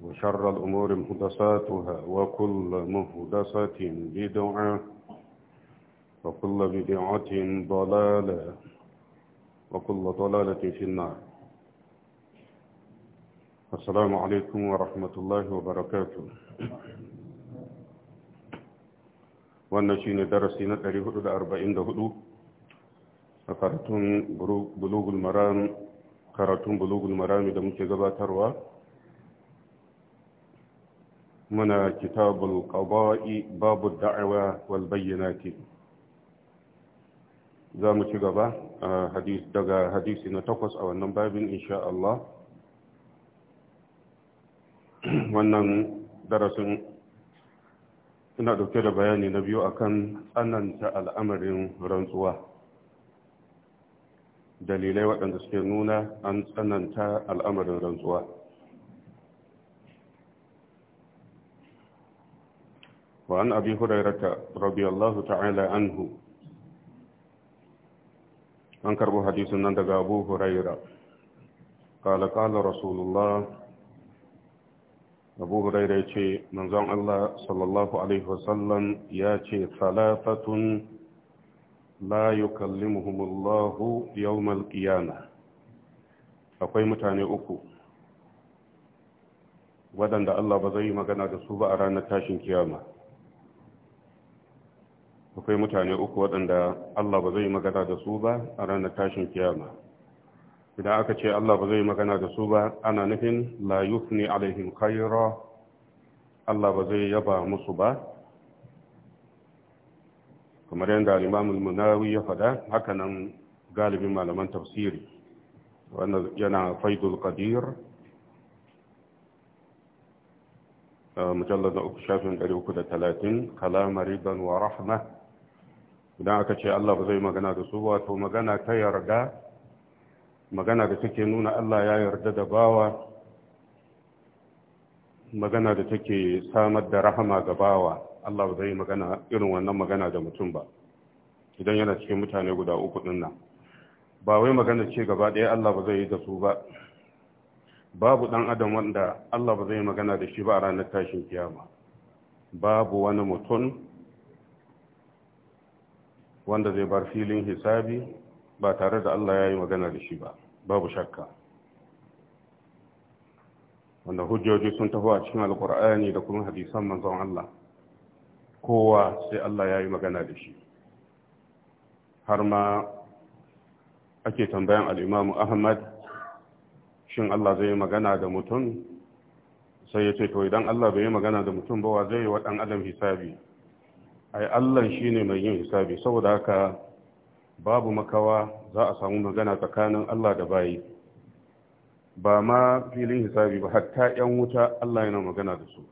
وشر الأمور مهدساتها وكل مهدسة بدعة وكل بدعة ضلالة وكل ضلالة في النار السلام عليكم ورحمة الله وبركاته wannan shi ne darasi na 444 a karatun bulugul maram karatun bulugul marami da muna kitabul qada'i babu da'awa wal bayyinati za mu ci gaba daga hadisi na takwas a wannan babin insha Allah wannan darasin ina dauke da bayani na biyu akan tsananta al'amarin rantsuwa dalilai waɗanda suke nuna an tsananta al'amarin rantsuwa وعن أبي هريرة رضي الله تعالى عنه أنكر حديث نندق أبو هريرة قال قال رسول الله أبو هريرة يقول من زعم الله صلى الله عليه وسلم يأتي ثلاثة لا يكلمهم الله يوم القيامة akwai mutane uku waɗanda Allah ba zai yi magana da su ba a ranar tashin kiyama akwai mutane uku waɗanda Allah ba zai magana da su ba a ranar tashin kiyama idan aka ce Allah ba zai magana da su ba ana nufin la yufni alaihim Allah ba zai yaba musu ba kamar yadda al-Imam al-Munawi ya faɗa haka nan galibin malaman tafsiri wanda yana Faidul Qadir مجلد eh, أكشاف talatin, كلام رضا ورحمة idan aka ce Allah ba zai magana da su ba to magana ta yarda magana da take nuna Allah ya yarda da bawa magana da take samar da rahama ga bawa Allah ba zai magana irin wannan magana da mutum ba idan yana cikin mutane guda uku din nan ba wai magana ce gaba ɗaya Allah ba zai yi da su ba babu ɗan adam wanda Allah ba zai magana da shi ba a ranar tashin kiyama babu wani mutum wanda zai bar filin hisabi ba tare da Allah ya yi magana da shi ba babu shakka wanda hujjoji sun tafi a cikin alkur'ani da kuma hadisan manzon Allah kowa sai Allah ya yi magana da shi har ma ake tambayan al'imamu Ahmad shin Allah zai yi magana da mutum sai ya ce to idan Allah bai yi magana da mutum ba wa zai yi wa ɗan adam hisabi ai Allah shine mai yin hisabi saboda haka babu makawa za a samu magana tsakanin Allah da bayi ba ma filin hisabi ba hatta yan wuta Allah yana magana da su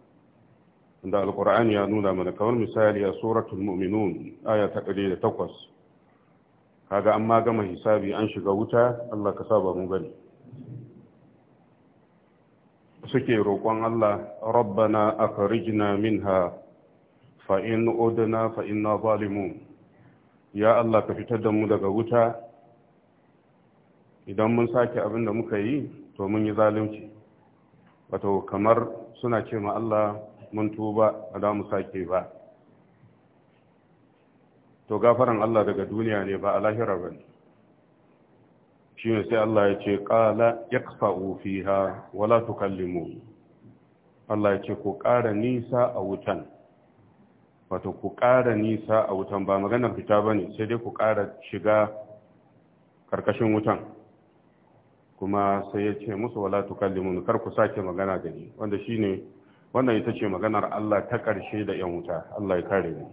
inda alqur'ani ya nuna mana kamar misali a suratul mu'minun aya ta 108 kaga amma gama hisabi an shiga wuta Allah ka saba mu bane suke roƙon Allah rabbana akhrijna minha fa'in odana fa'in na zalimu ya Allah ka fitar da mu daga wuta idan mun sake abin da muka yi to mun yi zalunci wato kamar suna ce ma Allah mun tuba a da mu sake ba to gafaran Allah daga duniya ne ba a lahira ba shi ne sai Allah ya ce ƙala ya fiha wala tukallimu Allah ya ce ko ƙara nisa a wutan wato ku ƙara nisa a wutan ba maganar fita ba ne sai dai ku ƙara shiga ƙarƙashin wutan kuma sai ya ce musu wala tukallimun kar ku sake magana da ni wanda shi ne wannan ita ce maganar Allah ta ƙarshe da yan wuta Allah ya kare ni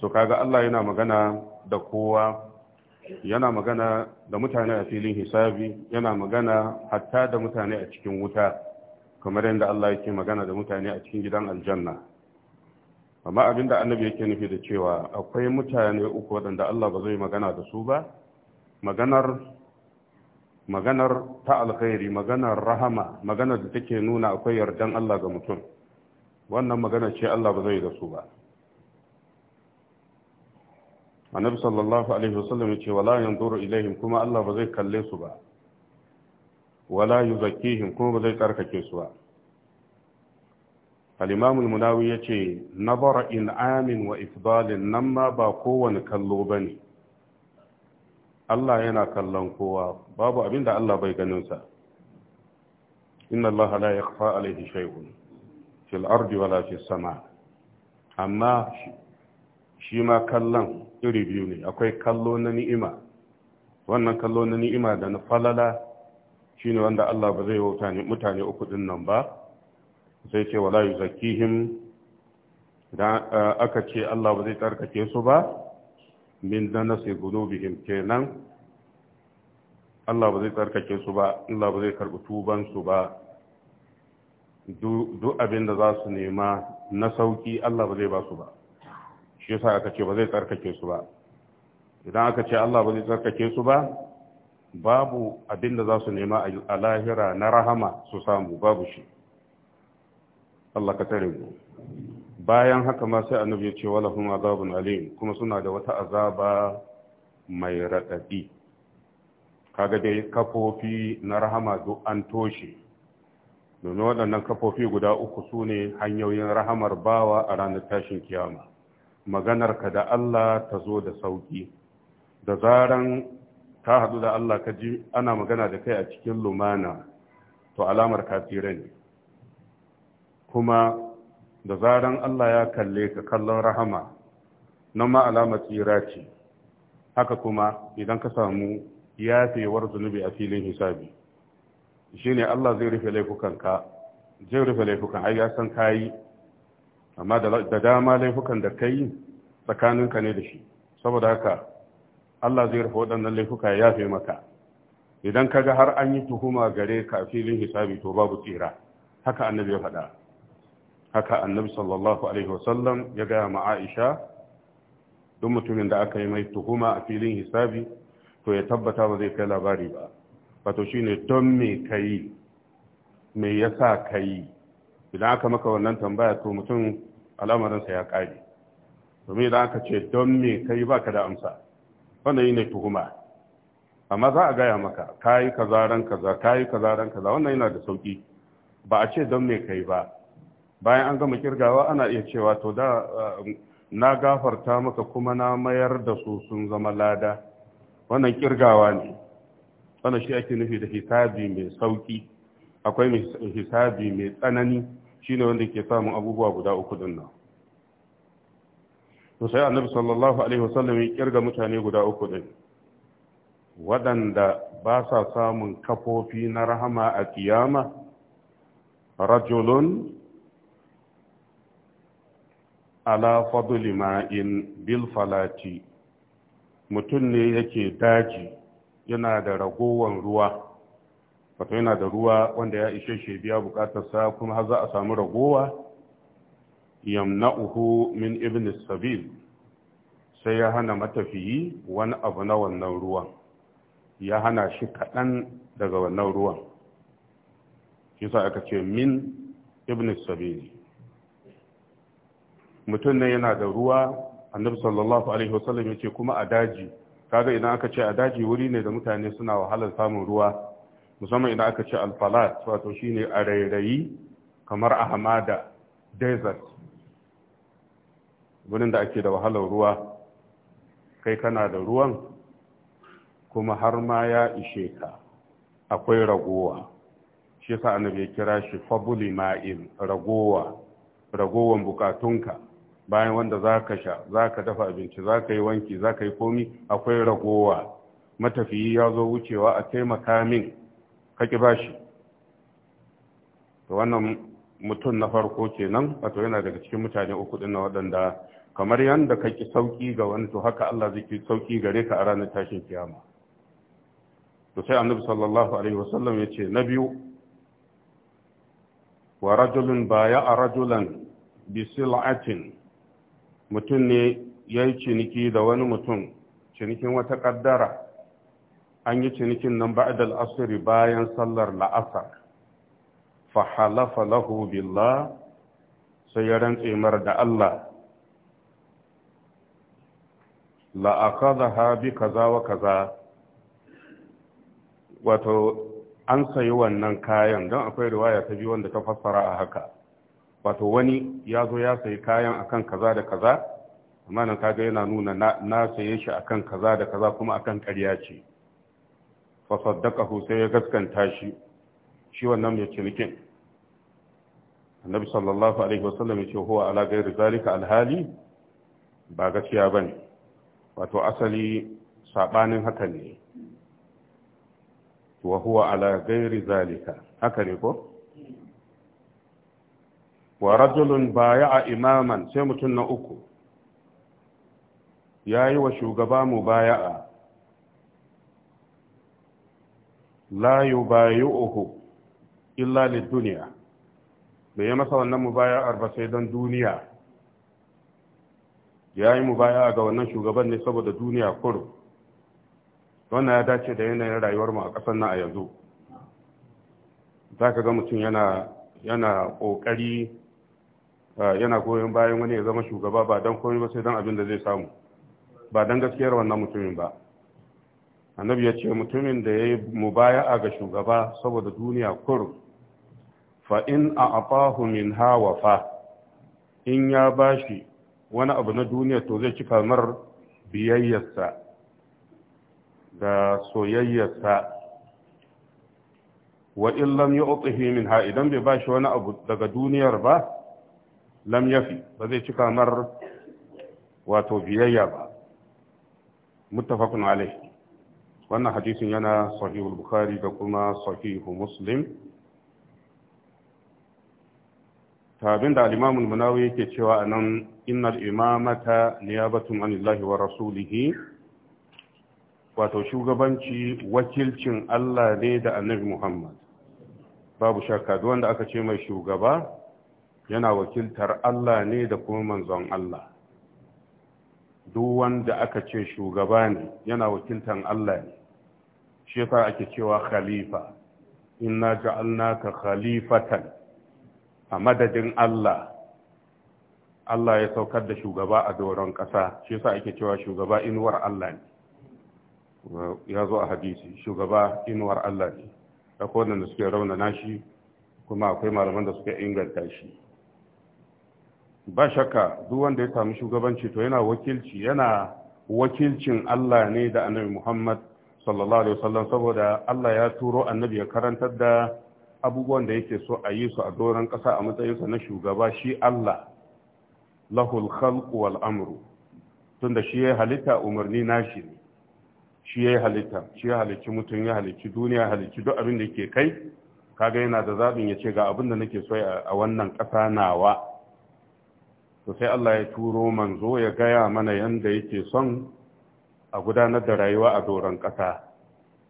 so kaga Allah yana magana da kowa yana magana da mutane a filin hisabi yana magana hatta da mutane a cikin wuta kamar yadda Allah yake magana da mutane a cikin gidan aljanna amma abin da annabi yake nufi da cewa akwai mutane uku waɗanda Allah ba zai magana da su ba maganar maganar ta alkhairi maganar rahama maganar da take nuna akwai yardan Allah ga mutum wannan magana ce Allah ba zai da su ba annabi sallallahu alaihi wasallam ya ce wala yanzuru ilaihim kuma Allah ba zai kalle su ba wala yuzakkihim kuma ba zai tsarkake su ba al-imam al-munawi yace nazara in'amin wa ifdalin nan ma ba kowane kallo bane Allah yana kallon kowa babu abinda Allah bai ganin sa inna Allah la yakhfa alayhi shay'un fil ardi wala fis sama amma shi ma kallon iri biyu ne akwai kallo na ni'ima wannan kallo na ni'ima da na falala shine wanda Allah ba zai wauta mutane uku ɗinnan ba sai ce wala yuzakkihim idan eh, aka ce Allah ba zai tsarkake su ba min gudu qulubihim kenan Allah ba zai tsarkake su ba Allah ba zai karbi tuban ba duk abin da za su nema na sauki Allah ba zai ba su ba shi yasa aka ce ba zai tsarkake su ba idan aka ce Allah ba zai tsarkake su ba babu abin da za su nema a lahira na rahama su samu babu shi Allah ka tare mu bayan haka ma sai annabi ya ce wala hum azabun alim kuma suna da wata azaba mai radadi kaga dai kafofi na rahama duk an toshe domin waɗannan kafofi guda uku sune hanyoyin rahamar bawa a ranar tashin kiyama Maganar ka da Allah ta zo da sauki da zaran ka haɗu da Allah ka ji ana magana da kai a cikin lumana to alamar kafira ne kuma da zaran Allah ya kalle ka kallon rahama nan ma alamar tsira ce haka kuma idan ka samu yafewar zunubi a filin hisabi shine Allah zai rufe laifukanka zai rufe laifukan ai ya san kayi amma da dama laifukan da kai tsakaninka ne da shi saboda haka Allah zai rufe waɗannan laifuka ya yafe maka idan ka ga har an yi tuhuma gare ka filin hisabi to babu tsira haka annabi ya faɗa haka annabi sallallahu alaihi wasallam ya gaya ma aisha duk mutumin da aka yi mai tuhuma a filin hisabi to ya tabbata ba zai kai labari ba wato ne, don me yi? me yasa yi? idan aka maka wannan tambaya to mutum al'amarinsa ya kare domin idan aka ce don me ba ka da amsa wannan ne tuhuma amma za a gaya maka kayi kaza ran kaza kayi kaza ran kaza wannan yana da sauki ba a ce don me kai ba bayan an gama kirgawa ana iya cewa to da eh, na gafarta maka kuma na mayar da su sun zama lada wannan kirgawa ne wannan shi ake nufi da hisabi mai sauki akwai hisabi mai tsanani shine wanda ke samun abubuwa guda uku din nan to sai annabi sallallahu alaihi wasallam ya kirga mutane guda uku din waɗanda ba sa samun kafofi na rahama a kiyama rajulun ala fadli ma'in bil mutum ne yake daji yana da ragowan ruwa wato yana da ruwa wanda ya ishe shi biya bukatarsa kuma har za a samu ragowa yamna'uhu min ibn sabil sai ya hana matafiyi wani abu na wannan ruwan ya hana shi kaɗan daga wannan ruwan shi sa aka ce min ibn sabili mutum ne yana da ruwa annabi sallallahu alaihi wasallam yace kuma a daji kaga idan aka ce a daji wuri ne da mutane suna wahalar samun ruwa musamman idan aka ce alfalat wato shine a rairayi kamar a hamada desert wurin da ake da wahalar ruwa kai kana da ruwan kuma har ma ya ishe ka akwai ragowa shi yasa annabi ya kira shi fabuli ma'in ragowa ragowan bukatunka bayan wanda za ka sha za ka dafa abinci za ka yi wanki za ka yi komi akwai ragowa matafiyi ya zo wucewa a taimaka min kaki ba shi to wannan mutum na farko kenan wato yana daga cikin mutane uku din na waɗanda kamar yadda ka ki sauki ga wani to haka Allah zai ki sauki gare ka a ranar tashin kiyama to sai annabi sallallahu alaihi wasallam ya ce na biyu wa rajulun baya a rajulan bi sil'atin mutum ne ya yi ciniki da wani mutum cinikin wata kaddara. an yi cinikin nan ba'adal asiri bayan sallar la'asar fahalafa lahu billah sai ya rantse mar da Allah la'akadaha bi kaza wa kaza wato an sayi wannan kayan don akwai riwaya ta biyu wanda ta fassara a haka wato wani ya zo ya sayi kayan akan kaza da kaza amma nan kaga yana nuna na saye shi akan kaza da kaza kuma akan ƙarya ce fa saddaqahu sai ya gaskanta shi shi wannan mai cinikin annabi sallallahu alaihi wasallam yace huwa ala ghairi zalika alhali ba gaskiya bane wato asali sabanin haka ne wa huwa ala ghairi zalika haka ne ko wa rajulun a imaman sai mutum na uku ya yi wa shugaba mu baya'a la yubayi'uhu illa duniya. Me yi masa wannan mubaya'ar ba sai don duniya ya yi baya'a ga wannan shugaban ne saboda duniya kuro wannan ya dace da yanayin rayuwar mu a ƙasar nan a yanzu za ka ga mutum yana ƙoƙari yana goyon bayan wani ya zama shugaba ba don komai ba sai don abin da zai samu ba don gaskiyar wannan mutumin ba annabi ya ce mutumin da ya yi a ga shugaba saboda duniya kur fa in a afahu min hawa fa in ya bashi wani abu na duniya to zai ci mar biyayyarsa da soyayyarsa wa in lam yu'tihi minha idan bai bashi wani abu daga duniyar ba lam yafi ba zai cika mar wato biyayya ba muttafaqun alaihi wannan hadisin yana sahihul bukhari da kuma sahihu muslim tabin da al-imam munawi yake cewa anan innal imamata niyabatun anillahi wa rasulihi wato shugabanci wakilcin Allah ne da annabi Muhammad babu shakka duk wanda aka ce mai shugaba yana wakiltar Allah ne da kuma manzon Allah duk wanda aka ce shugaba ne yana wakiltar Allah ne shi yasa ake cewa khalifa inna ja'alnaka khalifatan a madadin Allah Allah ya saukar da shugaba a doron ƙasa shi yasa ake cewa shugaba inuwar Allah ne ya zo a hadisi shugaba inuwar Allah ne akwai wanda suke raunana shi kuma akwai malaman da suke inganta shi ba shakka duk wanda ya samu shugabanci to yana wakilci yana wakilcin Allah ne da annabi Muhammad sallallahu alaihi wasallam saboda Allah ya turo annabi ya karantar da abubuwan da yake so a yi su a doron ƙasa a matsayinsa na shugaba shi Allah lahul khalq wal amru tunda shi ya halitta umarni nashi ne shi ya halitta shi ya halicci mutum ya halicci duniya ya halicci duk abin da yake kai kaga yana da zaɓin ya ce ga abin da nake so a wannan ƙasa nawa to sai Allah ya turo manzo ya gaya mana yanda yake son a gudanar da rayuwa a doron ƙasa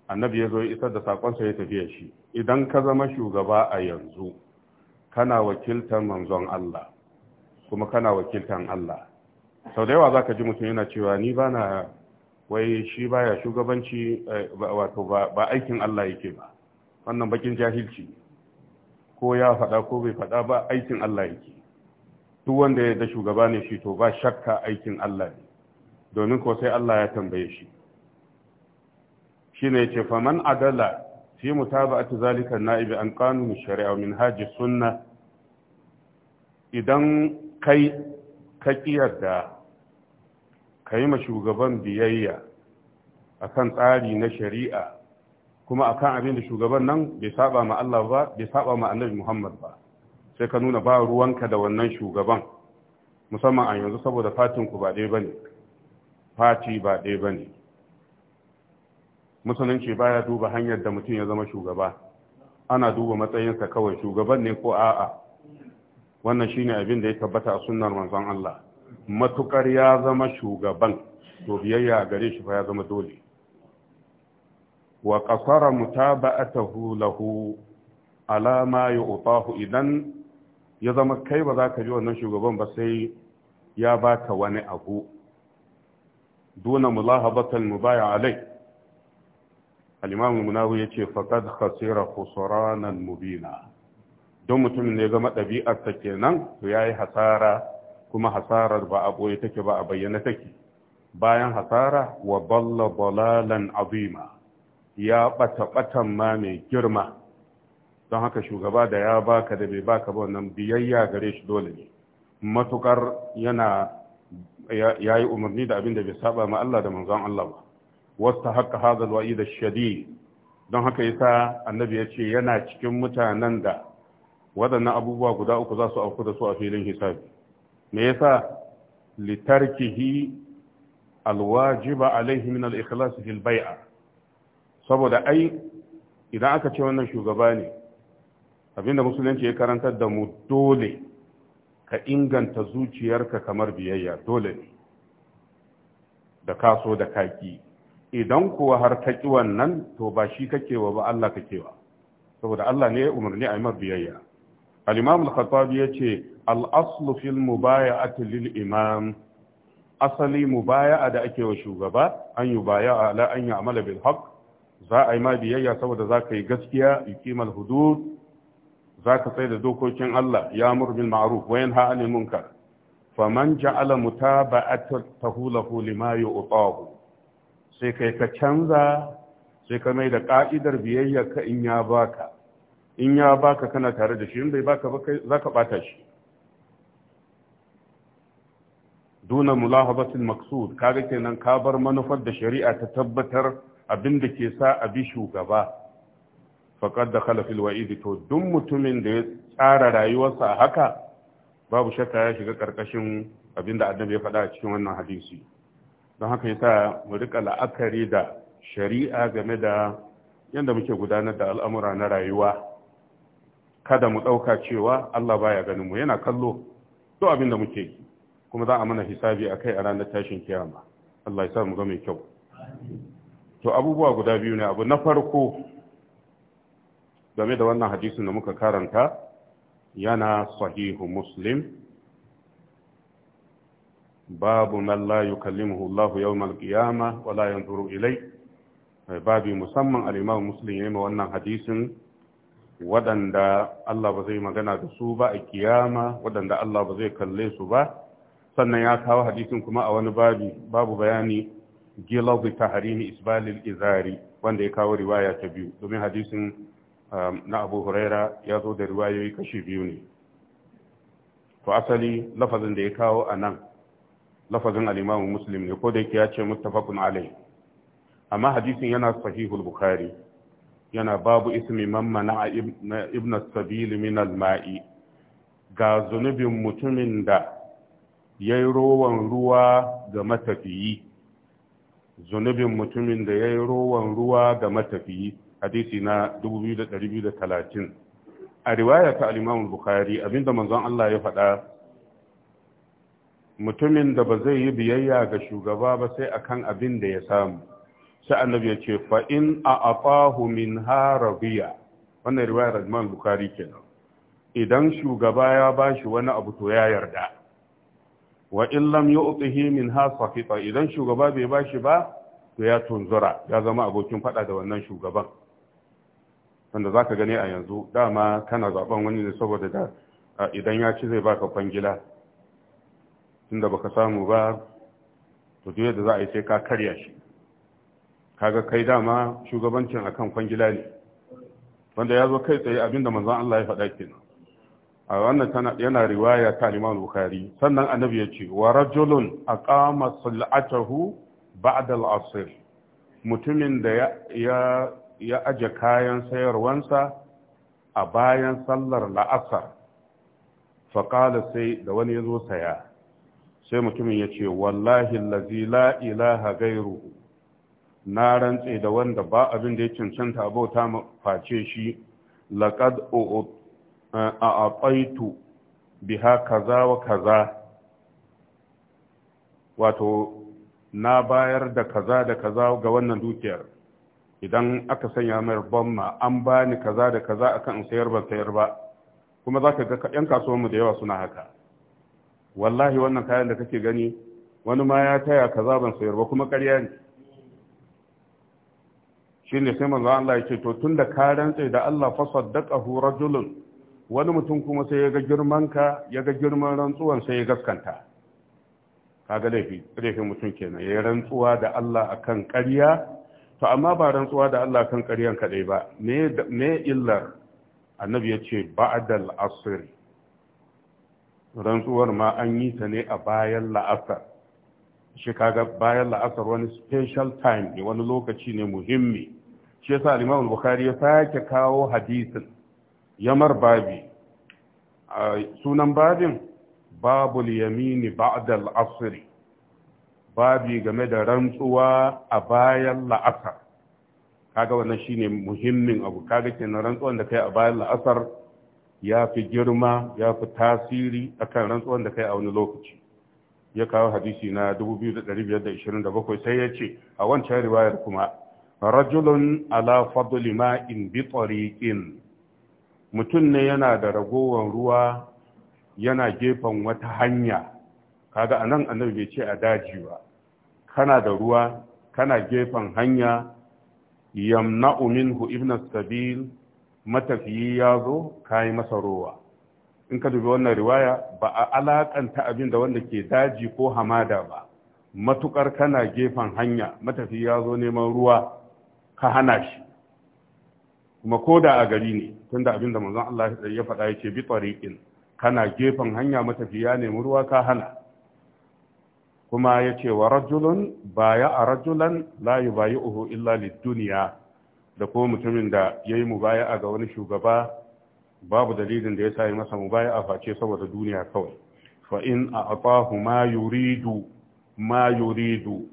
annabi ya zo isar da saƙonsa ya tafiya shi idan ka zama shugaba a yanzu kana wakiltar manzon Allah kuma kana wakiltar Allah sau da yawa za ka ji mutum yana cewa ni ba na wai shi baya shugabanci eh, wato ba aikin Allah yake ba wannan bakin jahilci ko ya faɗa ko bai faɗa ba aikin Allah yake duk wanda ya da shugaba ne shi to ba shakka aikin Allah ne domin ko sai Allah ya tambaye shi shine yace faman adala fi mutaba'ati zalika na'ibi an qanun shari'a min haji sunna idan kai ka kiyarda kai ma shugaban biyayya akan tsari na shari'a kuma akan abin da shugaban nan bai saba ma Allah ba bai saba ma Annabi Muhammad ba sai ka nuna ba ruwanka da wannan shugaban musamman a yanzu saboda fatinku ba ɗaya bane fati ba ɗaya bane musulunci baya duba hanyar da mutum ya zama shugaba ana duba matsayinsa kawai shugaban ne ko a'a wannan shine abin da ya tabbata a sunnar manzon Allah matukar ya zama shugaban to biyayya gare shi fa ya zama dole wa qasara mutaba'atahu lahu ala ma yu'tahu idan ya zama kai ba za ka ji wannan shugaban ba sai ya baka wani abu duna mulahabatal mubaya alai al-imam munahu yace faqad khasira khusranan mubina don mutumin ne zama ɗabi'ar ta kenan to yayi hasara kuma hasarar ba a boye take ba a bayyana take bayan hasara wa balla balalan azima ya ɓata ɓatan ma mai girma don haka shugaba da ya baka da bai baka ba wannan biyayya gare shi dole ne matukar yana ya yi umarni da abin da bai saba ma Allah da manzon Allah ba wasta haka hadal wa'id ash-shadid don haka yasa annabi yace ce yana cikin mutanen da waɗannan abubuwa guda uku za su auku da su a filin hisabi me yasa litarkihi alwajiba alaihi min al-ikhlas fil bai'a saboda ai idan aka ce wannan shugaba ne abinda musulunci ya karantar da mu dole ka inganta zuciyarka kamar biyayya dole ne da kaso da kaki idan kuwa har ka wannan to ba shi kakewa ba Allah kakewa saboda Allah ne ya umarni a yi biyayya al-imam al-khattabi yace al-aslu fil mubaya'ati lil imam asali mubaya'a da ake wa shugaba an yi baya'a ala an ya'mala bil haqq za a yi ma biyayya saboda za ka yi gaskiya yuqimal hudud za ka tsaye da dokokin Allah ya mur bil ma'ruf wa yanha 'anil munkar faman ja'ala mutaba'atahu lahu lima yu'tahu sai kai ka canza sai ka mai da ka'idar biyayya ka in ya baka in ya baka kana tare da shi in bai baka ba zaka bata shi duna mulahabatil maksud kaga kenan ka bar manufar da shari'a ta tabbatar abin da ke sa abi shugaba Faƙar da khalafil wa'idi to duk mutumin da ya tsara rayuwarsa a haka babu shakka ya shiga ƙarƙashin abin da annabi ya faɗa a cikin wannan hadisi don haka yasa mu rika la'akari da shari'a game da yadda muke gudanar da al'amura na rayuwa kada mu ɗauka cewa Allah baya ganin mu yana kallo duk abin da muke yi kuma za a mana hisabi a kai a ranar tashin kiyama Allah ya sa mu ga mai kyau to abubuwa guda biyu ne abu na farko game da wannan hadisin da muka karanta yana sahihu muslim babu man la yukallimuhu Allah yawm al wa la yanzuru ilay eh, babu musamman al-imam muslim yayin wannan hadisin waɗanda Allah ba zai magana da su ba a kiyama waɗanda Allah ba zai kalle su ba sannan ya kawo hadisin kuma a wani babu babu bayani gilazu tahrimi isbalil izari wanda ya kawo riwaya ta biyu domin hadisin Um, na abu huraira ya zo da riwayoyi kashi biyu ne to asali lafazin da ya kawo a nan lafazin al'imamu muslim ne ko da ya ce mutafakun alai amma hadisin yana sahihul bukari yana babu ismi mammana na ibn sabil min al-ma'i ga zunubin mutumin da ya yi rowan ruwa ga matafiyi zunubin mutumin da ya yi rowan ruwa ga matafiyi hadisi na 2230 a riwaya ta al-Imam Bukhari abinda manzon Allah ya faɗa mutumin da ba zai yi biyayya ga shugaba ba sai akan abin da ya samu sai annabi ya ce fa'in a a'afahu min harabiya wannan riwayar Imam Bukhari kenan idan shugaba ya ba shi wani abu to ya yarda wa illam lam yu'tihi min hasafita idan shugaba bai bashi ba to ya tunzura ya zama abokin faɗa da wannan shugaban wanda za ka gani a yanzu dama kana zaɓen wani ne saboda da idan ya ci zai baka kwangila ba baka samu ba to duk da za a yi sai ka karya shi kaga kai dama shugabancin akan kwangila ne wanda ya zo kai tsaye abinda manzan Allah ya faɗa kenan a wannan tana yana riwaya ta Imam Bukhari sannan annabi ya ce wa rajulun aqama sal'atahu ba'da al-asr mutumin da ya ya aje kayan sayarwansa a bayan sallar la'asar faƙala sai da wani ya zo saya sai mutumin ya ce wallahi lazi la ilaha gairu na rantse da wanda ba abin da ya cancanta abauta face shi laƙad a aƙaitu biha kaza wa kaza wato na bayar da kaza da kaza ga wannan dukiyar idan aka sanya mai bamma an ba ni kaza da kaza akan in sayar ban sayar ba kuma za ka ga yan kasuwanmu da yawa suna haka wallahi wannan kayan da kake gani wani ma ya taya kaza ban sayar ba kuma ƙarya ne shi ne sai manzo Allah ya ce to tunda ka rantse da Allah fa saddaqahu rajulun wani mutum kuma sai ya ga girman ka ya ga girman rantsuwan sai ya gaskanta kaga laifi laifin mutum kenan ya rantsuwa da Allah akan ƙarya to amma ba rantsuwa da Allah kan ƙaryan kaɗai ba me illar annabi ya ce ba'adal asiri rantsuwar ma an yi ta ne a bayan la'asar shi kaga bayan la'asar wani special time ne wani lokaci ne muhimmi shi yasa al-Imam bukhari ya sake kawo hadisin yamar babi sunan babin babul yamini ba'dal asri babi game da rantsuwa a bayan la'asar kaga wannan shine muhimmin abu kaga na rantsuwan da kai a bayan la'asar ya fi girma ya fi tasiri akan rantsuwan da kai a wani lokaci ya kawo hadisi na 2527 sai ya ce a wancan riwayar kuma rajulun ala fadli ma'in bi tariqin mutum ne yana da ragowar ruwa yana gefen wata hanya kaga anan annabi bai ce a daji ba kana da ruwa kana gefen hanya yamna'u minhu ibn sabil matafiyi ya zo kayi masa rowa in ka dubi wannan riwaya ba a alakanta abin da wanda ke daji ko hamada ba matukar kana gefen hanya matafiyi ya zo neman ruwa ka hana shi kuma ko da a gari ne tunda abin da manzon Allah ya faɗa yake bi tsariƙin kana gefen hanya matafiya neman ruwa ka hana kuma ya ce wa rajulun baya a rajulan layu bayi uhu illa duniya da kuma mutumin da ya yi mu baya a ga wani shugaba babu dalilin da ya sa yi masa mu? a face saboda duniya kawai fa in a atahu ma yuridu ma yuridu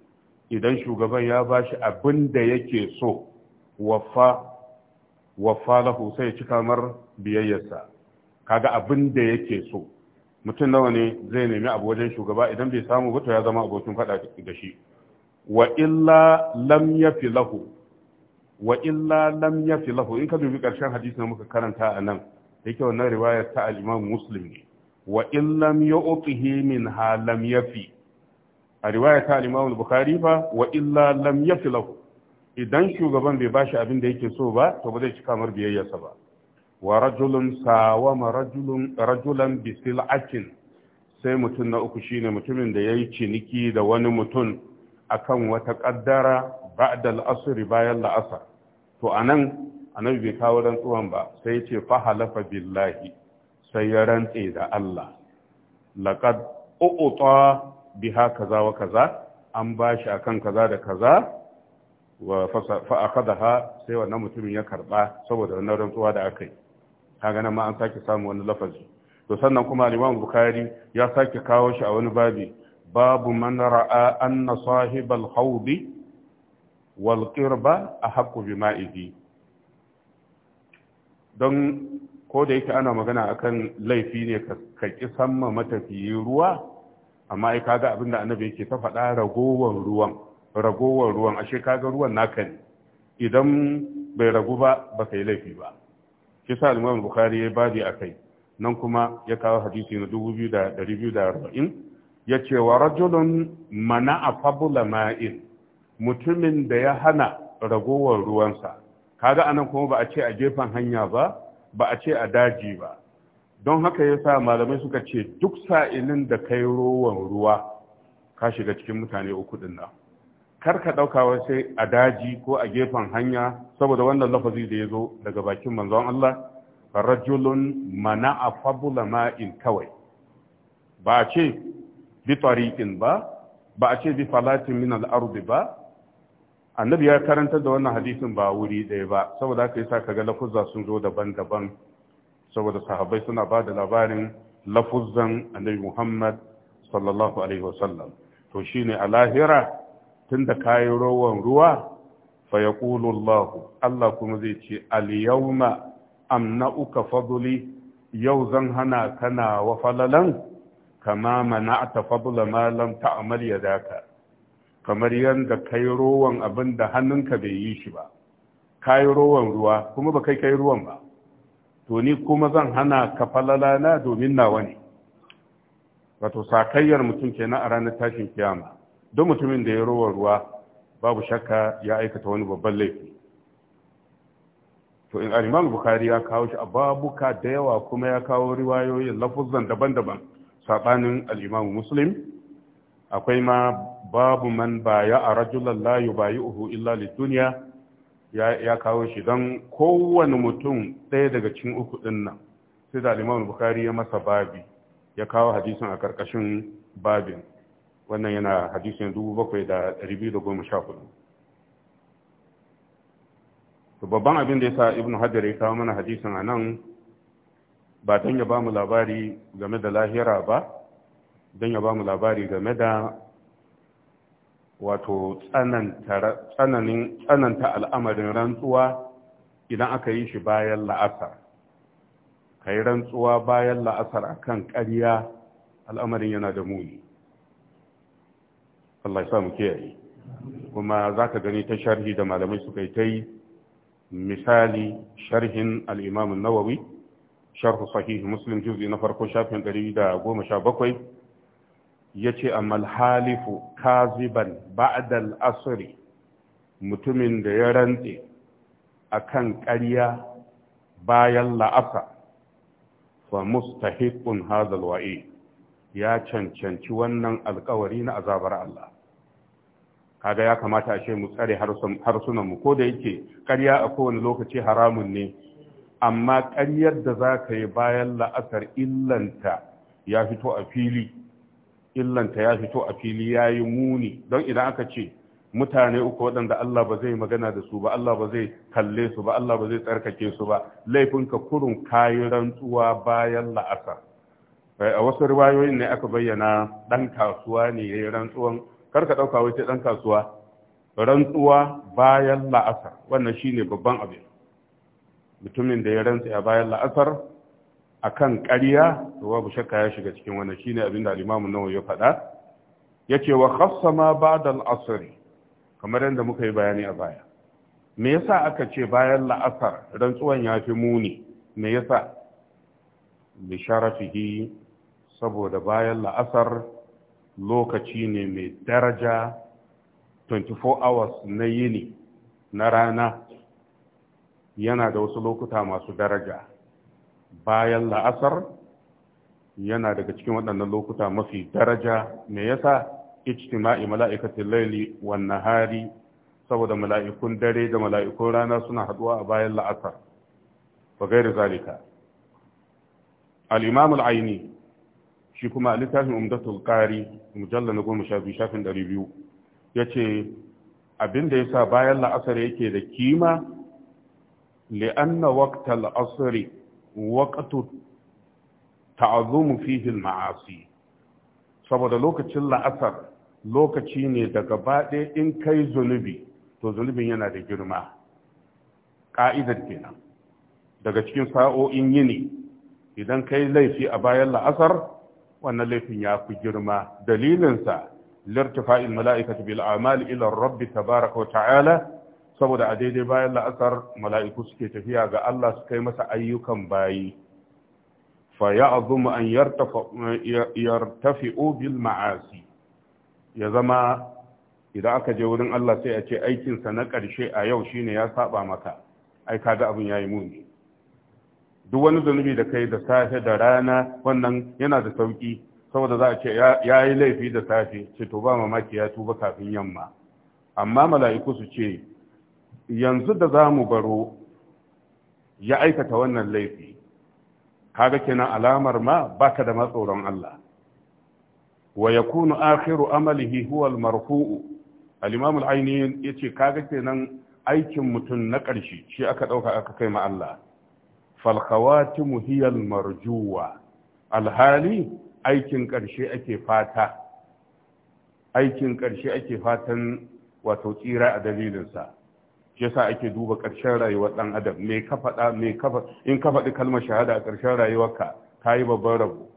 idan shugaban ya ba shi abin da yake so wafa wafa lahu sai cika mar biyayyarsa kaga abin da yake so mutum nawa ne zai nemi abu wajen shugaba idan bai samu ba to ya zama abokin faɗa da shi wa illa lam yafi lahu wa illa lam yafi lahu in ka dubi karshen hadisi na muka karanta a nan yake wannan riwayar ta al-Imam Muslim ne wa in yu'tihi min ha lam yafi a riwaya ta al-Imam Bukhari fa wa illa lam yafi lahu idan shugaban bai bashi abin da yake so ba to ba zai ci kamar biyayyarsa ba wa rajulun sawama rajulun rajulan sai mutum na uku shine mutumin da yayi ciniki da wani mutum akan wata ƙaddara ba'da da la'asuri bayan la'asar to anan annabi bai kawo rantsuwan ba sai ce fa halafa billahi sai ya rantse da Allah laqad uqta biha kaza wa kaza an bashi akan kaza da kaza wa fa akadaha sai wannan mutumin ya karba saboda wannan rantsuwa da aka yi kaga nan ma an sake samu wani lafazi to sannan kuma al-Imam Bukhari ya sake kawo shi a wani babi babu man ra'a anna sahibal hawd wal qirba bi bima'ihi don ko da yake ana magana akan laifi ne ka ki samma matafiyi ruwa amma ai kaga abinda annabi yake ta faɗa ragowar ruwan ragowar ruwan ashe kaga ruwan naka ne idan bai ragu ba ba kai laifi ba Ki sa imam Bukhari ya babi akai nan kuma ya kawo hadisi na 2240 yace wa rajulun a fabula ma'in mutumin da ya hana ragowar ruwansa kaga anan kuma ba a ce a gefen hanya ba ba a ce a daji ba don haka yasa malamai suka ce duk sa'ilin da kai rowan ruwa ka shiga cikin mutane uku din nan kar ka ɗauka wai sai a daji ko a gefen hanya saboda wannan lafazi da ya zo daga bakin manzon Allah rajulun mana'a fabula ma'in kawai ba a ce bi tariqin ba ba a ce bi falatin min ba annabi ya karantar da wannan hadisin ba wuri ɗaya ba saboda haka yasa kaga lafuzza sun zo daban-daban saboda sahabbai suna ba da labarin lafuzzan annabi Muhammad sallallahu alaihi wasallam to shine a lahira Tunda kayi rowan ruwa fa ya Allah Allah kuma zai ce aliyauma uka fadli yau zan hana kana wa falalan kama mana'ata fadla ma lam ta'mal yadaka kamar yanda kai rowan abin da hannunka bai yi shi ba kayi rowan ruwa kuma ba kai kai ruwan ba to ni kuma zan hana ka falalana domin nawa ne wato sakayyar mutum kenan a ranar tashin kiyama don mutumin da ya rowar ruwa babu shakka ya aikata wani babban laifi to in al-imam bukhari ya kawo shi a babuka da yawa kuma ya kawo riwayoyin lafuzan daban-daban sabanin al-imam akwai ma babu man baya a rajulan la yubayi'uhu illa lidunya ya kawo shi don kowane mutum ɗaya daga cikin uku ɗin nan sai da al-imam bukhari ya masa babi ya kawo hadisin a karkashin babin wannan yana da hadisin 7214 to babban abin da ya sa Ibn hajjar ya kawo mana hadisin nan, ba don ya ba mu labari game da lahira ba don ya ba mu labari game da wato tsananta al'amarin rantsuwa idan aka yi shi bayan la'asar ka yi rantsuwa bayan la'asar kan ƙarya al'amarin yana da muni Allah ya sa mu kiyaye kuma za ka gani ta sharhi da malamai suka yi ta yi misali sharhin al'imamun nawawi sharhu sahihi muslim juzi na farko shafin 117 ya ce a halifu kaziban ba'dal asiri mutumin da ya rantse a kan ƙarya bayan la'afa fa mustahiqun hadal wa'i ya cancanci wannan alkawari na azabar Allah kaga ya kamata a ce mu tsare harsunan mu ko da yake ƙarya a kowane lokaci haramun ne amma ƙaryar da za ka yi bayan la'asar illanta ya fito a fili illanta ya fito a fili ya yi muni don idan aka ce mutane uku waɗanda Allah ba zai magana da su ba Allah ba zai kalle su ba Allah ba zai tsarkake su ba laifinka kurun kayi rantsuwa bayan la'asar eh, a wasu riwayoyin ne aka bayyana ɗan kasuwa ne ya yi rantsuwan kar ka ɗauka wai sai ɗan kasuwa rantsuwa bayan la'asar wannan shine babban abin mutumin da ya rantsa bayan la'asar akan ƙarya to babu shakka ya shiga cikin wannan shine abin da al nawa ya faɗa yace wa khassa ma ba'da al-asr kamar yadda muka yi bayani a baya me yasa aka ce bayan la'asar rantsuwan ya fi muni me yasa bi sharafihi saboda bayan la'asar lokaci ne mai daraja 24 hours na yini na rana yana da wasu lokuta masu daraja bayan la'asar yana daga cikin waɗannan lokuta mafi daraja me yasa ijtima'i mala'ikatul laili wan nahari saboda mala'ikun dare da mala'ikun rana suna haduwa a bayan la'asar wa gairi zalika al-imam al-aini shi kuma a littafin umdatul qari mujalla na goma sha biyu shafin ɗari biyu ya ce abin da ya sa bayan la'asar yake da kima li'anna waqta al'asri waqtu ta'azumu fihi al-ma'asi saboda lokacin la'asar lokaci ne da gaba ɗaya in kai zunubi to zunubin yana da girma ƙa'idar kenan daga cikin sa'o'in yini idan kai laifi a bayan la'asar wannan laifin ya fi girma dalilinsa lirtifa'il mala'ikatu bil amali ila rabbi tabaraka wa ta'ala saboda a daidai bayan la'asar mala'iku suke tafiya ga Allah su kai masa ayyukan bayi fa ya'zumu an yartafi'u bil ma'asi ya zama idan aka je wurin Allah sai a ce aikinsa na ƙarshe a yau shine ya saba maka ai kaga abin yayi muni duk wani zunubi da kai da safe da rana wannan yana da sauki saboda za a ce ya yi laifi da safe ce to ba mamaki ya tuba kafin yamma amma mala'iku su ce yanzu da za mu baro ya aikata wannan laifi kaga kenan alamar ma baka da matsoron Allah wa yakunu akhiru amalihi huwa al-marfu'u al-imam al-aini yace kaga kenan aikin mutum na ƙarshe shi aka dauka aka kai ma Allah falkhawatimu hiyal marjuwa alhali aikin ƙarshe ake fata aikin ƙarshe ake fatan wato tsira a dalilinsa shi yasa ake duba ƙarshen rayuwar ɗan adam me ka faɗa me ka in ka faɗi kalmar shahada a ƙarshen rayuwarka ka yi babban rabo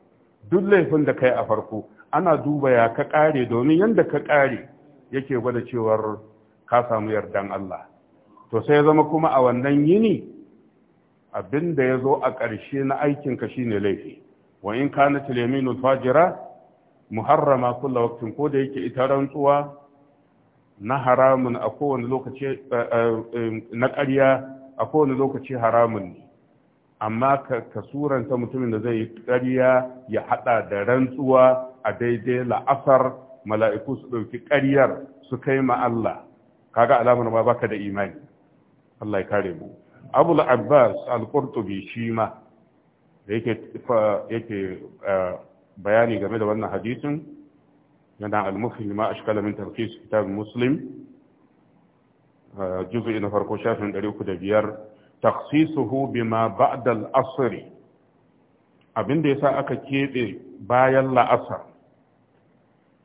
duk laifin da kai a farko ana duba ya ka ƙare domin yanda ka ƙare yake gwada cewar ka samu yardan Allah to sai ya zama kuma a wannan yini Abin da ya zo a ƙarshe na aikinka shine laifi wa in ka na tilaminu fajira muharrama kulla waqtin ko da yake ita rantsuwa na haramun a kowane lokaci eh, eh, na ƙarya a kowane lokaci haramun ne amma ka suranta mutumin da zai ƙarya ya haɗa da rantsuwa a daidai la'asar mala'iku su ɗauki ƙaryar su kai ma Allah kaga alamar ma baka da imani Allah ya kare mu abul abbas al-qurtubi shi ma yake yake eh, bayani game da wannan hadisin yana al-mufhim ma ashkala min tarqis kitab muslim eh, juz'i na farko shafin 305 takhsisuhu bima ba'da al-asr abinda yasa aka kebe bayan la'asar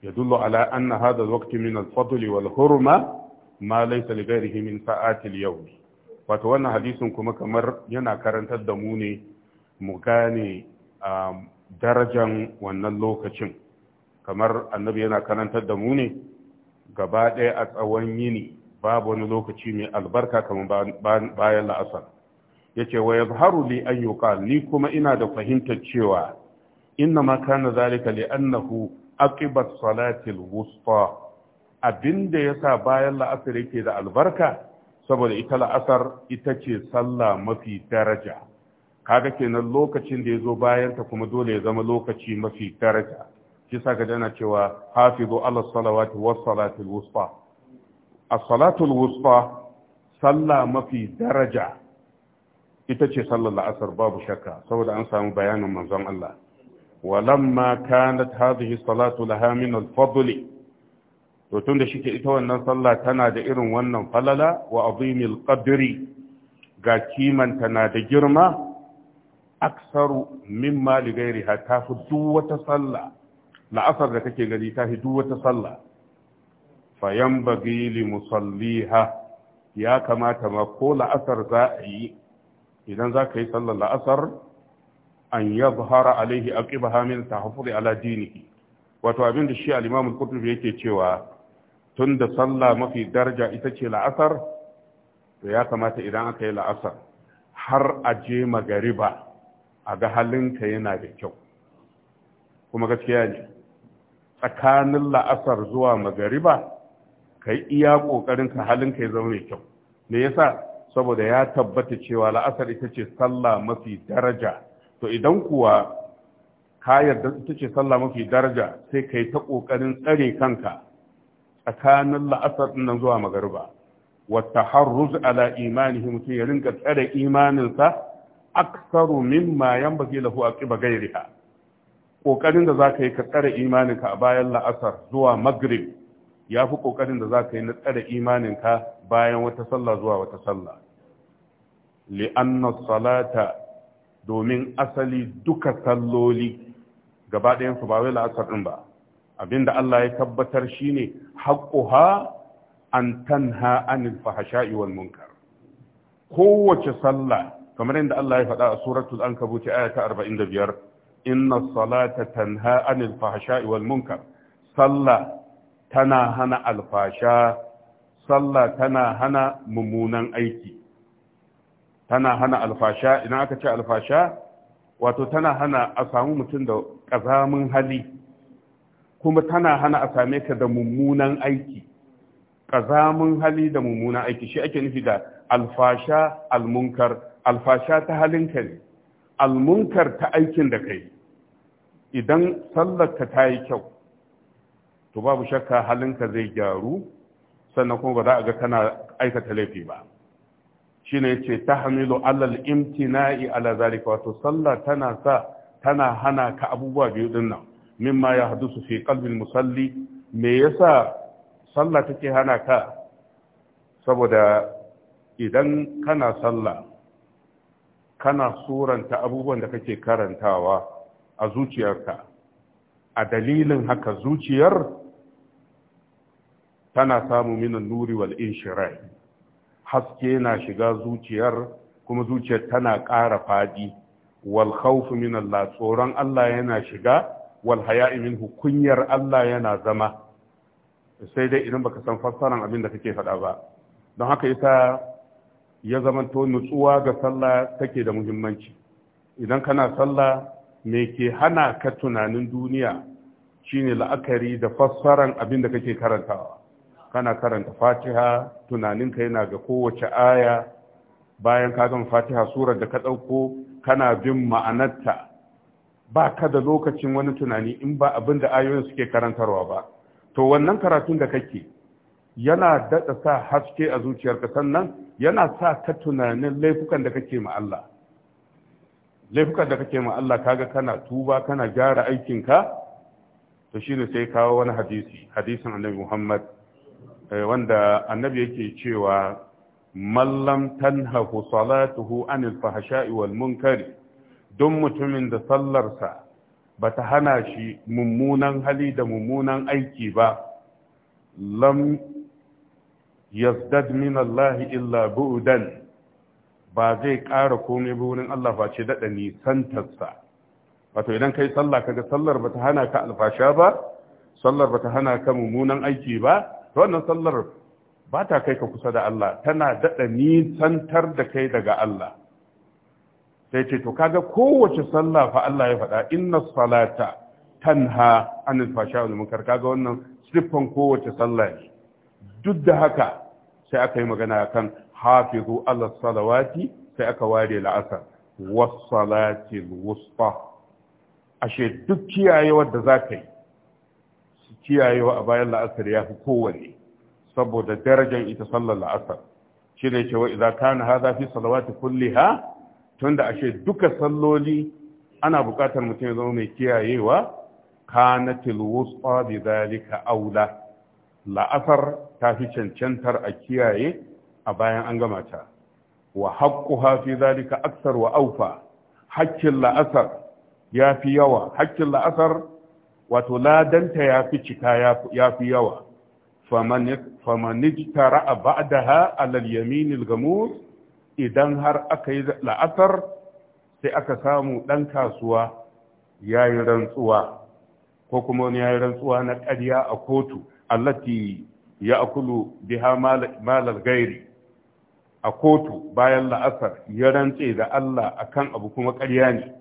yadullu ala anna hadha al-waqt min al-fadl wal hurma ma laysa li wato wannan hadisin kuma kamar yana karantar da mu ne mu gane um, darajan wannan lokacin kamar annabi yana karantar da mu ne gaba ɗaya a tsawon yini babu wani lokaci mai albarka kamar bayan la'asar ya ce wa ya li an ni kuma ina da fahimtar cewa inna ma kana zalika li annahu aqibat salatil wusta abinda yasa bayan la'asar yake da albarka saboda ita la'asar ita ce sallah mafi daraja kaga kenan lokacin da ya zo bayanta kuma dole ya zama lokaci mafi daraja shi sa ga dana cewa hafizu ala salawati was salatul wusta as-salatul wusta sallah mafi daraja ita ce sallar la'asar babu shakka saboda an samu bayanin manzon Allah walamma kanat hadhihi salatu laha min al-fadl to tun da shike ita wannan sallah tana da irin wannan falala wa azimil qadri ga kimanta na da girma aksaru mimma li ghairiha ta fi duk wata sallah la'asar da kake gani ta fi duk wata sallah fa yanbaghi li musalliha ya kamata ma ko la'asar za a yi idan za ka yi sallar la'asar an yadhhara alaihi aqibaha min tahaffuzi ala dinihi wato abin da shi al-Imam al-Qurtubi yake cewa Tunda sallah mafi daraja ita ce la'asar to ya kamata idan aka yi la'asar har a je magariba a ga halinka yana da kyau kuma gaskiya ne tsakanin la'asar zuwa magariba ka yi iya ƙoƙarinka ka halinka ya zama mai kyau me yasa saboda ya tabbata cewa la'asar ita ce sallah mafi daraja to idan kuwa ka yarda ita ce sallah mafi daraja sai ka yi ta ƙoƙarin tsare kanka tsakanin la'asar nan zuwa magariba wata harruz ala imanihi mutum ya rinka tsare imaninsa aksaru mimma yan baki lahu a ƙiba gairiha ƙoƙarin da za ka yi ka tsare imaninka a bayan la'asar zuwa magrib ya fi ƙoƙarin da za ka yi na tsare imaninka bayan wata sallah zuwa wata sallah li'anna salata domin asali duka salloli gaba ɗayansu ba wai la'asar ɗin ba abinda Allah ya tabbatar shine haƙƙuha an tanha anil fahasha'i wal munkar kowace sallah kamar yadda Allah ya faɗa a suratul ankabut aya ta 45 inna salata tanha anil fahasha'i wal munkar sallah tana hana alfasha sallah tana hana mummunan aiki tana hana alfasha ina aka ce alfasha wato tana hana a samu mutum da ƙazamin hali kuma tana hana a same ka da mummunan aiki ƙazamin hali da mummunan aiki shi ake nufi da alfasha almunkar alfasha ta halinka ne almunkar ta aikin da kai idan sallarka ta yi kyau to babu shakka halinka zai gyaru sannan kuma ba za a ga kana aikata laifi ba shi ne ce ta hamilu alal imtina'i ala zalika wato sallah tana sa tana hana ka abubuwa biyu din nan mimma ya hadusu fi ƙalbin musalli me yasa sallah take hana ka saboda idan kana sallah kana suranta abubuwan da kake karantawa a zuciyarka a dalilin haka zuciyar tana samu minan nuri wal inshirai haske na shiga zuciyar kuma zuciyar tana ƙara faɗi wal khawfu min Allah tsoron Allah yana shiga wal haya'i minhu kunyar Allah yana zama sai dai idan baka san fassaran abin da kake faɗa ba don haka yasa ya zamanto nutsuwa ga sallah take da muhimmanci idan kana sallah me ke hana ka tunanin duniya shine la'akari da fassaran abin da kake karantawa kana karanta fatiha tunaninka yana ga kowace aya bayan ka gama fatiha surar da ka ɗauko kana bin ma'anarta ba ka da lokacin wani tunani in ba abin da ayoyin suke karantarwa ba to wannan karatun da kake yana daɗa sa haske a zuciyarka sannan yana sa ka tunanin laifukan da kake ma Allah laifukan da kake ma Allah kaga kana tuba kana gyara aikinka to shine sai kawo wani hadisi hadisin annabi Muhammad eh, wanda annabi yake cewa mallam tanhahu salatuhu anil fahsha'i wal munkari don mutumin da sallarsa ba ta hana shi mummunan hali da mummunan aiki ba lam yazdad min Allah illa bu'dan ba zai ƙara komai ba wurin Allah ba ce daɗa nisantarsa wato idan kai sallah kaga sallar ba ta hana ka alfasha ba sallar ba ta hana ka mummunan aiki ba to wannan sallar ba ta kai ka kusa da Allah tana daɗa nisantar da kai daga Allah sai ce to kaga kowace sallah fa Allah ya faɗa inna salata tanha anil fasha wal munkar kaga wannan siffan kowace sallah ne duk da haka sai aka yi magana kan hafizu ala salawati sai aka ware la'asar was salati wusta ashe duk kiyayewar da zaka yi kiyayewa a bayan la'asar ya fi kowanne saboda darajar ita sallar la'asar shine ne cewa idan kana hadha fi salawati kulliha tunda ashe duka salloli ana buƙatar mutum ya zama mai kiyayewa kanatil wusta bi zalika aula la'asar ta fi cancantar a kiyaye a bayan an gama ta wa haqquha fi zalika aksar wa aufa haƙƙin la'asar ya fi yawa haƙƙin la'asar wato ladanta ya fi cika ya fi yawa famanijtara ba'daha alal yaminil gamus idan har aka yi la'asar sai aka samu ɗan kasuwa ya yi rantsuwa ko kuma wani ya yi rantsuwa na ƙarya a kotu allati ya akulu biha malal gairi a kotu bayan la'asar ya rantse da Allah akan abu kuma ƙarya ne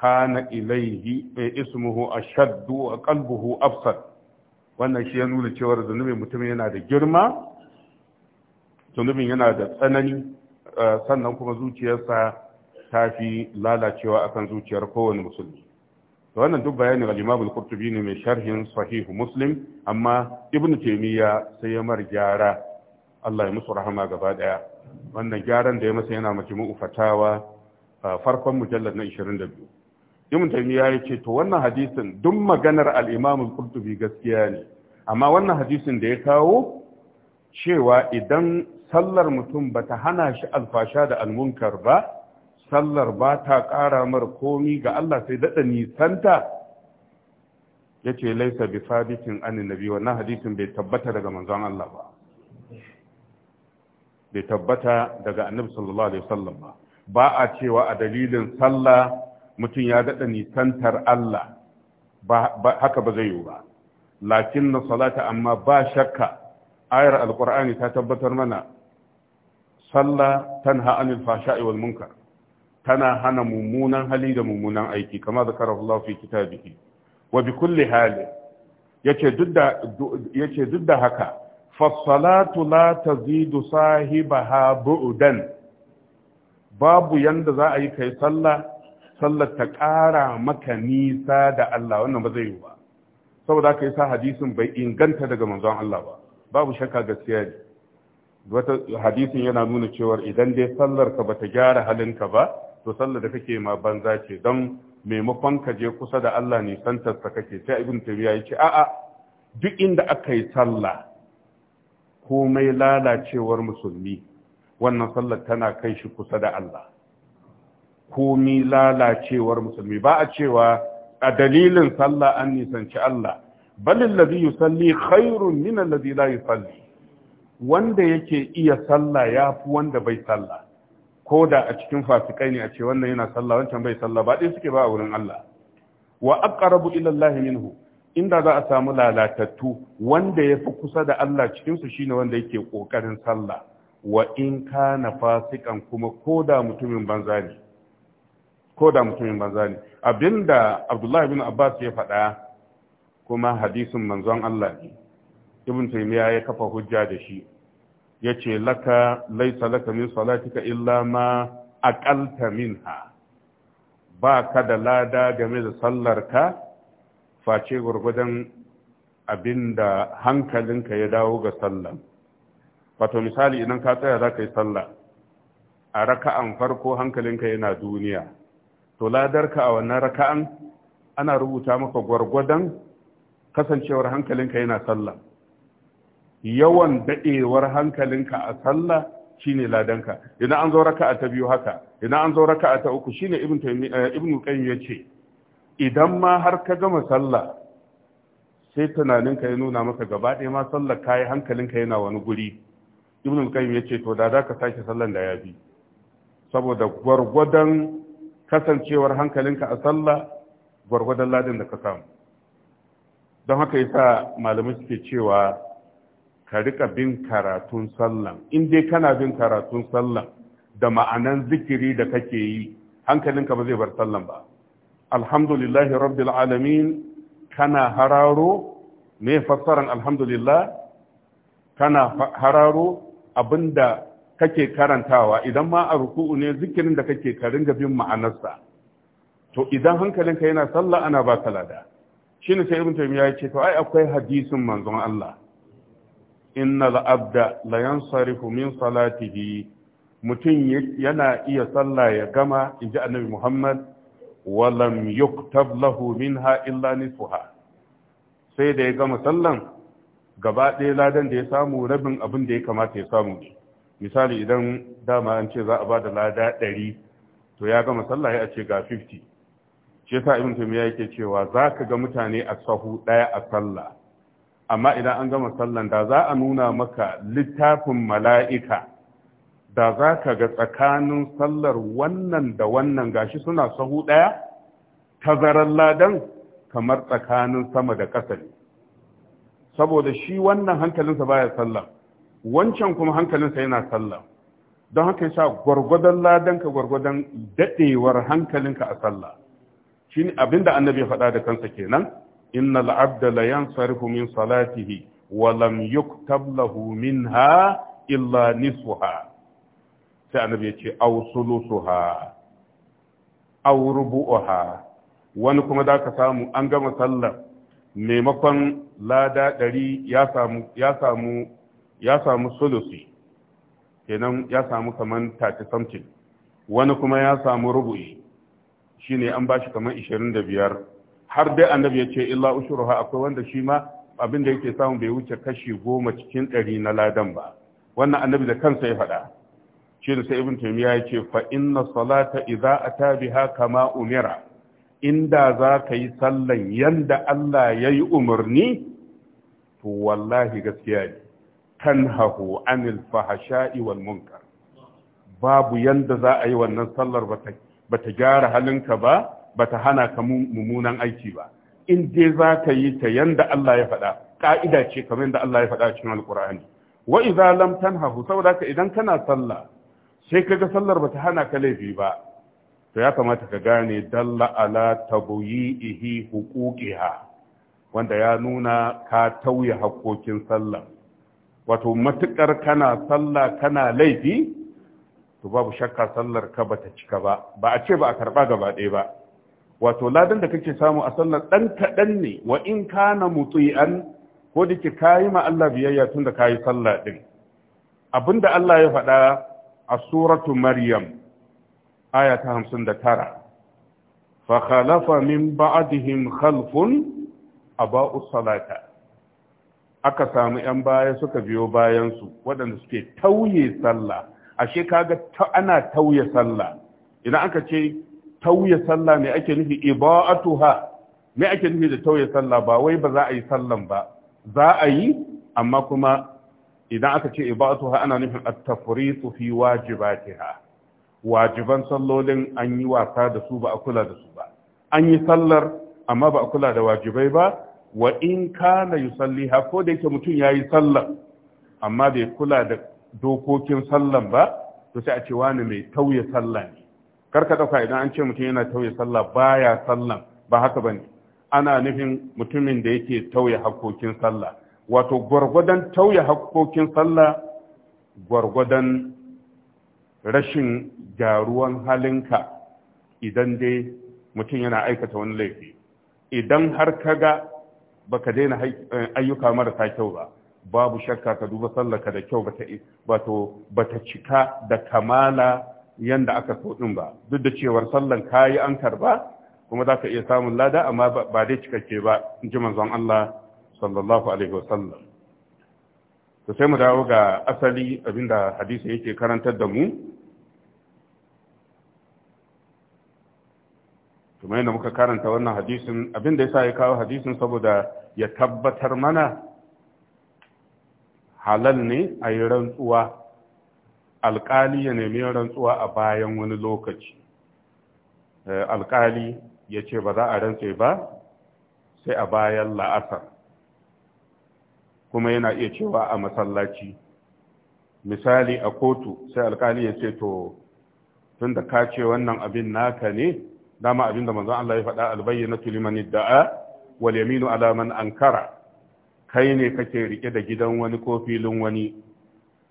kana ilaihi mai eh, ismuhu shaddu wa qalbuhu afsar wannan shi ya nuna cewar zunubin mutum yana da girma zunubin yana da tsanani Eh, sannan kuma zuciyarsa ta fi lalacewa akan zuciyar kowane musulmi da wannan duk bayanin al ne mai sharhin sahihu muslim amma Ibn taymiya sai ya mar gyara Allah ya musu rahama gaba daya wannan gyaran da ya masa yana majmu'u fatawa farkon mujallar na 22 Ibn taymiya ya ce to wannan hadisin duk maganar al gaskiya ne amma wannan hadisin da ya kawo cewa idan sallar mutum ba ta hana shi alfasha da almunkar ba sallar ba ta ƙara mar komi ga Allah sai daɗa nisanta ya ce laisa bi sabitin an nabi wannan hadisin bai tabbata daga manzon Allah ba bai tabbata daga annabi sallallahu alaihi wasallam ba ba a cewa a dalilin sallah mutum ya daɗa nisantar Allah ba haka ba zai yi ba lakin na salata amma ba shakka ayar alkur'ani ta tabbatar mana sallah tanha anil fashai wal munkar tana hana mummunan hali da mummunan aiki kama zakarahu Allah fi kitabihi wa bi kulli hali yace duk da yace duk da haka fassalatu la tazidu sahibaha bu'dan babu yanda za a yi kai sallah sallar ta ƙara maka nisa da Allah wannan ba zai yi ba saboda haka sa hadisin bai inganta daga manzon Allah ba babu shakka gaskiya ne wata hadisin yana nuna cewa idan dai sallar ka bata gyara halin ka ba to sallar da kake ma banza ce don maimakon ka je kusa da Allah ne santar sa kake sai ibn tabiya ya ce a'a duk inda aka yi sallah komai lalacewar musulmi wannan sallar tana kai shi kusa da Allah komai lalacewar musulmi ba a cewa a dalilin sallah an nisanci Allah balin ladhi yusalli khairun min alladhi la wanda yake iya sallah yafi wanda bai sallah ko da a cikin fasikai ne a ce wannan yana sallah wancan bai sallah ba ɗaya suke ba a wurin Allah wa aqrabu ila Allah minhu inda za a samu lalatattu wanda ya fi kusa da Allah cikinsu shine wanda yake ƙoƙarin sallah wa in kana fasikan kuma ko da mutumin banza ne ko da mutumin banza ne abinda Abdullahi bin Abbas ya faɗa kuma hadisin manzon Allah ne ibn taymiya ya kafa hujja da shi yace laka laysa laka min salatika illa ma aqalta minha ba ka da lada game da sallarka face gurgudan abinda hankalinka ya dawo ga sallar wato misali idan ka tsaya za ka yi sallah a raka'an farko hankalinka yana duniya to ladarka a wannan raka'an ana rubuta maka gwargwadon kasancewar hankalinka yana sallah yawan daɗewar hankalinka a sallah shine ladanka idan an zo raka'a ta biyu haka idan an zo raka'a ta uku shine ibn eh, ibn qayyim yace idan ma har ka gama sallah sai tunaninka ya nuna maka gaba ɗaya ma sallah, kayi hankalinka yana wani guri ibn qayyim yace to da za ka sake sallan da ya bi saboda gwargwadon kasancewar hankalinka a sallah gwargwadon ladin da ka samu don haka yasa malamai suke cewa ka rika bin karatun sallan in dai kana bin karatun sallan da ma'anan zikiri da kake yi hankalinka ba zai bar sallan ba alhamdulillahi rabbil alamin kana hararo me fassaran alhamdulillah kana hararo abinda kake karantawa idan ma a ruku'u ne zikirin da kake ka ringa bin ma'anarsa to idan hankalinka yana sallah ana ba ka lada shine sai ibn taymiya ya ce to ai akwai hadisin manzon Allah la abda la yansarifu min salatihi mutum yana iya sallah ya gama inji annabi Muhammad lam yuktab lahu minha illa nisfuha sai da ya gama sallan gaba ɗaya ladan da ya samu rabin abin da ya kamata ya samu misali idan dama an ce za a ba da lada ɗari to ya gama sallah ya ce ga 50 shi sa ibn taymiya yake cewa za ka ga mutane a sahu ɗaya a sallah amma idan an gama sallan da za a nuna maka littafin mala'ika da za ka ga tsakanin sallar wannan da wannan gashi suna sahu ɗaya tazarar ladan kamar tsakanin sama da ƙasa ne saboda shi wannan hankalinsa baya sallah wancan kuma hankalinsa yana sallah don haka sa gwargwadon ladan ka gwargwadon daɗewar hankalinka a sallah shine abinda annabi ya faɗa da kansa kenan innal abda la yansarifu min salatihi wa lam yuktab lahu minha illa nisfuha sai annabi ya ce aw sulusuha aw rubu'uha wani kuma da ka samu an gama sallar maimakon lada ɗari ya samu ya samu ya samu sulusi kenan ya samu kaman 30 something wani kuma ya samu rubu'i shine an bashi kamar biyar. har dai annabi ya ce illa ushruha akwai wanda shi ma abin da yake samu bai wuce kashi goma cikin ɗari na ladan ba wannan annabi da kansa ya faɗa shi da sai ibn taymiya ya ce fa inna salata idza ata biha kama umira inda za ka yi sallan yanda Allah ya yi umarni to wallahi gaskiya ne tanhahu anil fahasha'i wal munkar babu yanda za a yi wannan sallar ba ta bata gyara halinka ba bata hana ka mummunan aiki ba in dai za ka yi ta yanda Allah ya faɗa ƙa'ida ce kamar yanda Allah ya faɗa cikin alkur'ani wa idza lam tanhahu saboda ka idan kana sallah sai kaga sallar bata hana ka laifi ba to ya kamata ka gane dalla ala tabuyihi huquqiha wanda ya nuna ka tauye haƙoƙin sallah wato matukar kana sallah kana laifi to babu shakka sallar ka bata cika ba ba a ce ba a karba gaba ɗaya ba wato ladan da kake samu a sallar dan kaɗan ne wa in kana an? ko da ke kayi ma Allah biyayya tun da kayi sallah din abinda Allah ya faɗa a suratu maryam aya ta 59 fa khalafa min ba'dihim khalfun aba'u salata aka samu ‘yan baya suka biyo bayansu waɗanda suke tauye sallah ashe kaga ana tauye sallah idan aka ce tauye sallah ne ake nufi iba'atuha me ake nufi da tauya sallah ba wai ba za a yi sallan ba za a yi amma kuma idan aka ce iba'atuha ana nufin at-tafritu fi wajibatiha wajiban sallolin an yi wasa da su ba a kula da su ba an yi sallar amma ba a kula da wajibai ba wa in kana yusalliha ko da yake mutum yayi sallar amma bai kula da dokokin sallan ba to sai a ce wani mai tauye sallah ne karka dauka idan an ce mutum yana tauye sallah baya sallan ba haka bane ana nufin mutumin da yake tauye hakkokin sallah wato gwargwadon tauye hakkokin sallah gwargwadon rashin gyaruwan halinka idan dai mutum yana aikata wani laifi idan har kaga baka daina eh, ayyuka marasa kyau ba babu shakka ka duba sallaka da kyau bata bata cika da kamala yanda aka so din ba duk da cewar sallan kayi an karba kuma za ka iya samun lada amma ba dai cikakke ba in ji manzon Allah sallallahu alaihi wasallam to sai mu dawo ga asali abinda hadisi yake karantar da mu kuma yadda muka karanta wannan hadisin abinda da ya sa ya kawo hadisin saboda ya tabbatar mana halal ne a yi rantsuwa alƙali ya nemi rantsuwa a bayan wani lokaci eh, alƙali ya ce ba za a rantse ba sai a bayan la'asar kuma yana iya cewa a masallaci misali a kotu sai alƙali ya ce to tun da ka ce wannan abin naka ne dama abin da manzon Allah ya faɗa albayyana tulimanin da'a wal yaminu alaman ankara kai ne kake rike da gidan wani ko filin wani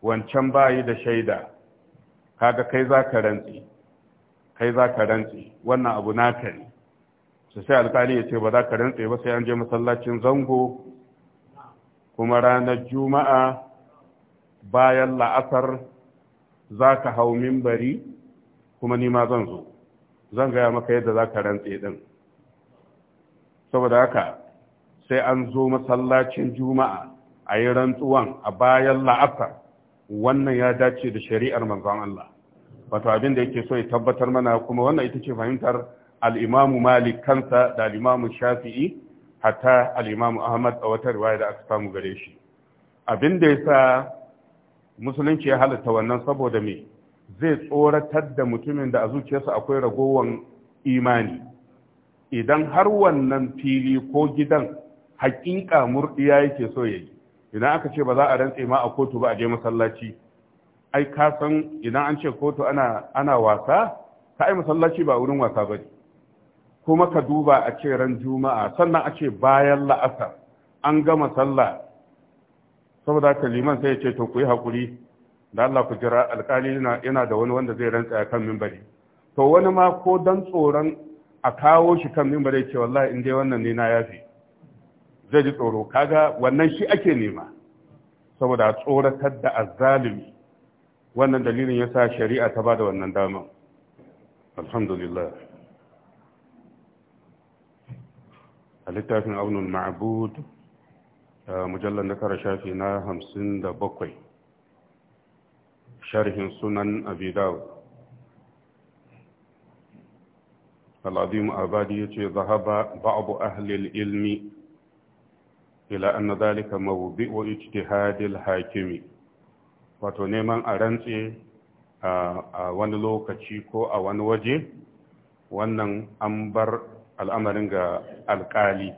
wancan bayi da shaida kaga kai za ka rantsi kai za ka rantsi wannan abu naka ne su sai alkali ya ce ba za ka rantsi ba sai an je masallacin zango kuma ranar juma'a bayan la'asar za ka hau mimbari kuma nima zan zo zan gaya maka yadda za ka rantsi din saboda haka sai an zo masallacin juma'a a yi rantsuwan a bayan la'asar wannan ya dace da shari'ar manzon Allah wato abin da yake so ya tabbatar mana kuma wannan ita ce fahimtar Al'imamu Malik kansa da Al'imamu Shafi'i hatta Al'imamu Ahmad a wata riwaya da aka samu gare shi abin da ya sa musulunci ya halatta wannan saboda me zai tsoratar da mutumin da a zuciyarsa akwai ragowar imani idan har wannan fili ko gidan haƙiƙa murɗiya yake so yayi idan aka ce ba za a rantse ma a kotu ba a je masallaci ai ka san idan an ce kotu ana ana wasa ka ai masallaci ba wurin wasa ba kuma ka duba a ce ran juma'a sannan a ce bayan la'asar an gama sallah saboda ka liman sai ya ce to ku yi hakuri da Allah ku jira alƙali yana da wani wanda zai rantsa kan mimbari to wani ma ko dan tsoron a kawo shi kan mimbari ce wallahi in dai wannan ne na yafi zai ji tsoro kaga wannan shi ake nema saboda tsoratar da azzalimi wannan dalilin yasa shari'a ta bada wannan dama alhamdulillah a littafin aunin ma'abud mujallar na kara shafi na hamsin da bakwai sharhin sunan abidawa al'adimu abadi ya ce zahaba ba'abu ahlil ilmi ila anna zalika mawdi'u ijtihadil hakimi wato neman a rantse a wani lokaci ko a wani waje wannan an bar al'amarin ga alkali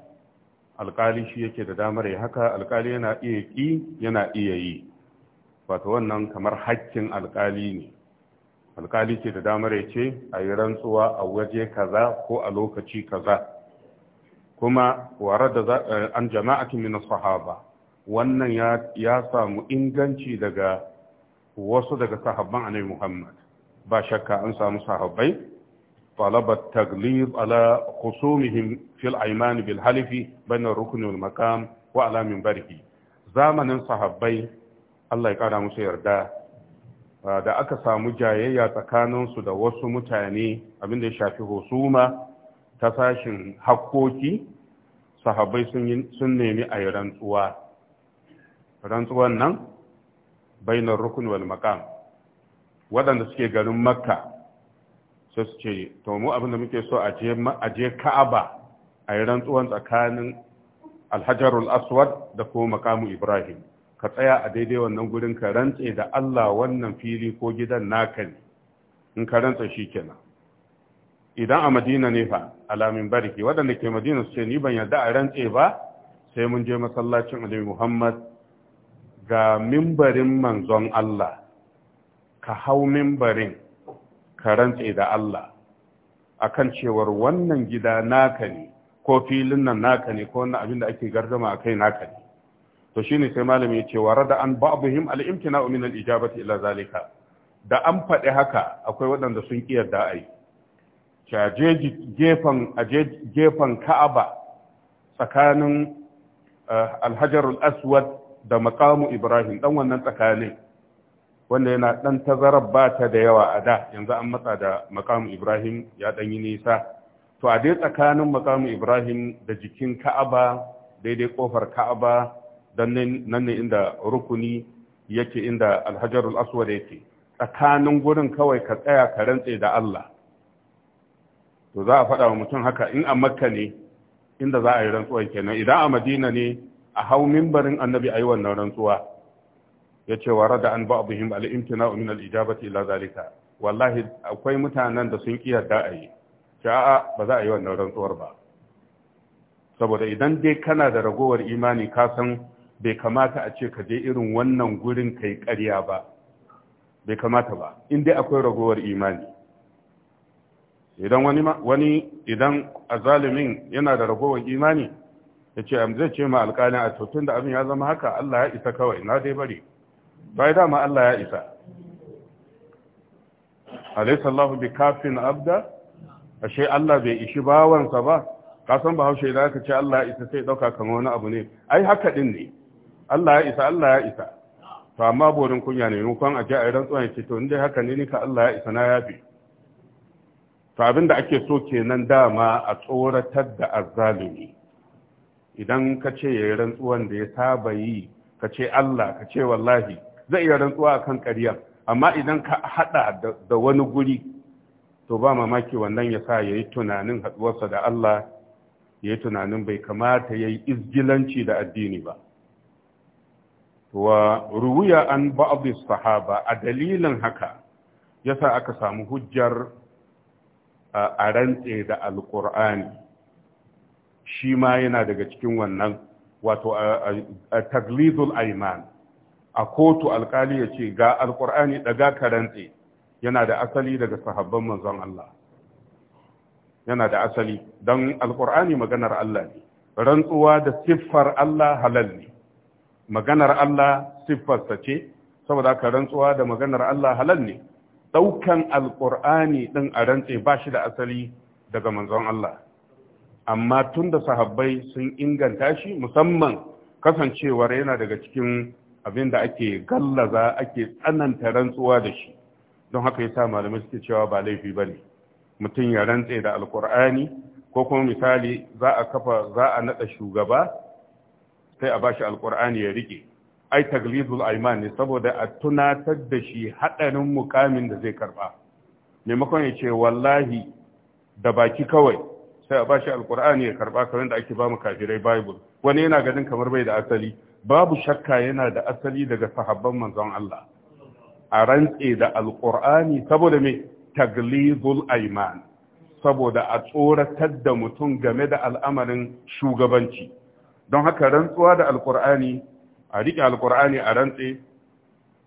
alkali shi yake da damar ya haka alkali yana iya ki yana iya yi wato wannan kamar hakkin alkali ne alkali ce da damar ya ce a yi rantsuwa a waje kaza ko a lokaci kaza kuma da eh, an jama'atin min sahaba wannan ya samu inganci daga wasu daga sahabban annabi Muhammad ba shakka an samu sahabbai talabat taglib ala khusumihim fil ayman bil halifi bayna rukn wal maqam wa ala minbarihi zamanin sahabbai Allah ya kara musu yarda ah, da aka samu jayayya tsakaninsu da wasu mutane abinda ya shafi husuma ta sashin hakkoki Sahabai sun nemi a yi rantsuwa rantsuwan nan bainar rukun wal maqam waɗanda suke garin makka sai su ce to mu abin da muke so a je ka'aba a yi rantsuwan tsakanin alhajarul aswad da kuma makamu ibrahim ka tsaya a daidai wannan gurin ka rantse da allah wannan fili ko gidan naka ne in ka rantse shi kenan idan a madina ne fa alamin bariki waɗanda ke madina su ce ni ban yarda a rantse ba sai mun je masallacin annabi muhammad ga mimbarin manzon allah ka hau mimbarin ka rantse da allah akan cewar wannan gida naka ne ko filin nan naka ne ko wannan abin da ake gardama a kai naka ne to shi ne sai malami ya ce wa rada an ba al-imtina'u min al-ijabati ila zalika da an faɗi haka akwai waɗanda sun ƙi da a yi shaje gefen gefen Ka'aba tsakanin eh, Alhajarul Aswad da makamu Ibrahim dan wannan tsakanin wanda yana dan tazarar ba ta da yawa a da yanzu an matsa da makamu Ibrahim ya dan yi nisa to a dai tsakanin makamu Ibrahim da jikin Ka'aba daidai kofar Ka'aba dan nan ne inda rukuni yake inda Alhajarul Aswad yake tsakanin gurin kawai ka tsaya ka rantse da Allah to za a faɗa wa mutum haka in a makka ne inda za a yi rantsuwan kenan idan a madina ne a hau mimbarin annabi a yi wannan rantsuwa ya ce wa rada an ba abuhim al'imtina min al'ijabati ila zalika wallahi akwai mutanen da sun da a yi sha'a ba za a yi wannan rantsuwar ba saboda idan dai kana da ragowar imani kasan san bai kamata a ce ka je irin wannan gurin kai karya ba bai kamata ba in dai akwai ragowar imani idan wani wani idan azalimin yana da ragowar imani ya ce am zai ce ma alƙalin a tutun da abin ya zama haka Allah ya isa kawai na dai bari bai dama Allah ya isa alaysa Allah bi kafin abda ashe Allah bai ishi bawansa ba kasan haushe da aka ce Allah ya isa sai dauka kan wani abu ne ai haka din ne Allah ya isa Allah ya isa to amma borin kunya ne mun kan aje a rantsuwa ya ce to dai haka ne ni ka Allah ya isa na yafi to abin da ake so kenan dama a tsoratar da azzalumi idan ka ce ya yi rantsuwan da ya saba yi ka ce Allah ka ce wallahi zai iya rantsuwa a kan ƙarya amma idan ka haɗa da wani guri to ba mamaki wannan ya sa ya yi tunanin haɗuwarsa da Allah ya yi tunanin bai kamata ya yi izgilanci da addini ba wa ruwiya an ba'abis sahaba a dalilin haka yasa aka samu hujjar a rantse da alkur'ani shi ma yana daga cikin wannan wato a taglidul aiman a kotu alkali ya ce ga alkur'ani daga ka rantse yana da asali daga sahabban manzon Allah yana da asali don alkur'ani maganar Allah ne rantsuwa da siffar Allah halal ne maganar Allah siffarsa ce saboda ka rantsuwa da maganar Allah halal ne ɗaukan alƙur'ani ɗin a rantse ba shi da asali daga manzon Allah amma tun da sahabbai sun inganta shi musamman kasancewar yana daga cikin abin da ake gallaza ake tsananta rantsuwa da shi don haka yasa malamai suke cewa ba laifi ba ne mutum ya rantse da alkur'ani ko kuma misali za a kafa za a naɗa shugaba sai a ba bashi alkur'ani ya riƙe. ai taglidul aiman ne saboda a tunatar da shi haɗarin mukamin da zai karba maimakon ya ce wallahi da baki kawai sai a ba bashi alkur'ani ya karba kamar da ake ba mu kafirai bible wani yana ganin kamar bai da asali babu shakka yana da asali daga sahabban manzon Allah a rantse da alkur'ani saboda me taglizul aiman saboda a tsoratar da mutum game da al'amarin shugabanci don haka rantsuwa da alkur'ani a riƙe Alƙur'ani a rantse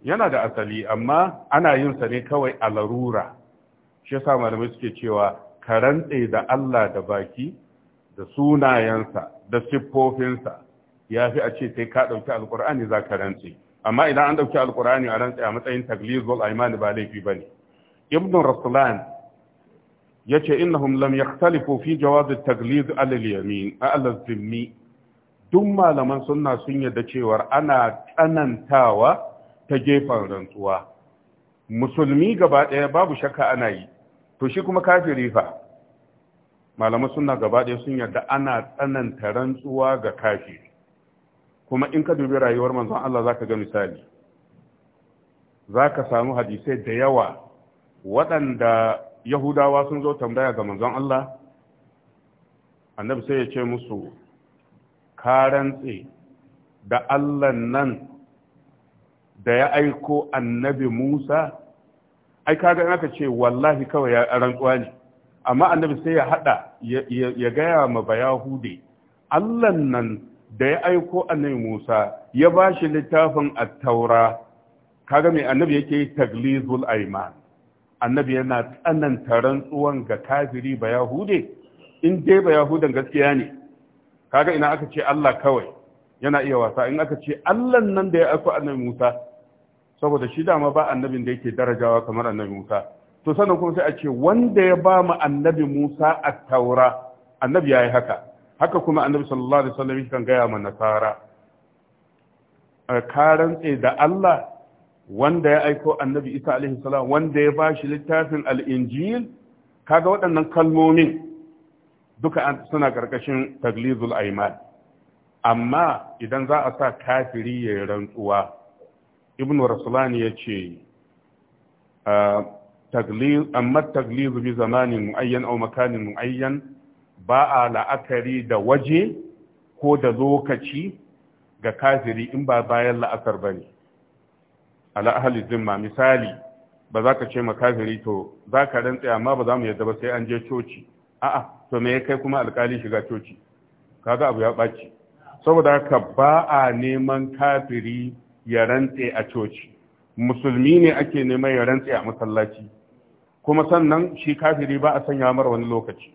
yana da asali amma ana yin sa ne kawai a larura shi yasa malamai suke cewa ka rantse da Allah da baki da sunayensa da siffofinsa ya fi a ce sai ka ɗauki Alƙur'ani za ka rantse amma idan an ɗauki Alƙur'ani a rantse a matsayin tagliz wal aiman ba laifi bane ibn rasulan yace innahum lam yakhtalifu fi jawaz at-tagliz al-yamin ala al-zimmi duk malaman sunna sun yarda cewar ana tsanantawa ta gefen rantsuwa musulmi gaba ɗaya babu shakka ana yi to shi kuma kafiri fa malaman sunna gaba ɗaya sun yarda ana tsananta rantsuwa ga kafiri kuma in ka dubi rayuwar manzon Allah zaka ga misali zaka samu hadisai da yawa waɗanda yahudawa sun zo tambaya ga manzon Allah annabi sai ya ce musu ka rantse da Allah nan da ya aiko annabi Musa ai kaga in aka ce wallahi kawai ya rantsuwa ne amma annabi sai ya hada ya gaya ma bayahude Allah nan da ya aiko annabi Musa ya ba shi littafin at-taura kaga mai annabi yake taglizul aiman annabi yana tsananta rantsuwan ga kafiri ba yahude in dai ba yahudan gaskiya ne kaga ina aka ce Allah kawai yana iya wasa in aka ce Allah nan da ya aiko annabi Musa saboda shi dama ba annabin da yake darajawa kamar annabi Musa to sannan kuma sai a ce wanda ya ba mu annabi Musa a taura annabi yi haka haka kuma annabi sallallahu alaihi wasallam kan gaya ma nasara eh, karan da Allah wanda ya aiko annabi Isa alaihi salam wanda ya shi littafin al-Injil kaga waɗannan kalmomin duka suna ƙarƙashin taglizul aiman amma idan za a sa kafiri ya rantsuwa ibn rasulani ya ce amma taglizu bi zamanin mu'ayyan au makanin mu'ayyan ba a la'akari da waje ko da lokaci ga kafiri in ba bayan la'asar ba ne ala ahli zimma misali ba za ka ce ma kafiri to za ka rantsa amma ba za mu yadda ba sai an je coci a'a to me ya kai kuma alkali shiga coci kaga abu ya ɓaci saboda haka ba a neman kafiri ya rantse a coci musulmi ne ake neman ya rantse a masallaci kuma sannan shi kafiri ba a sanya mara wani lokaci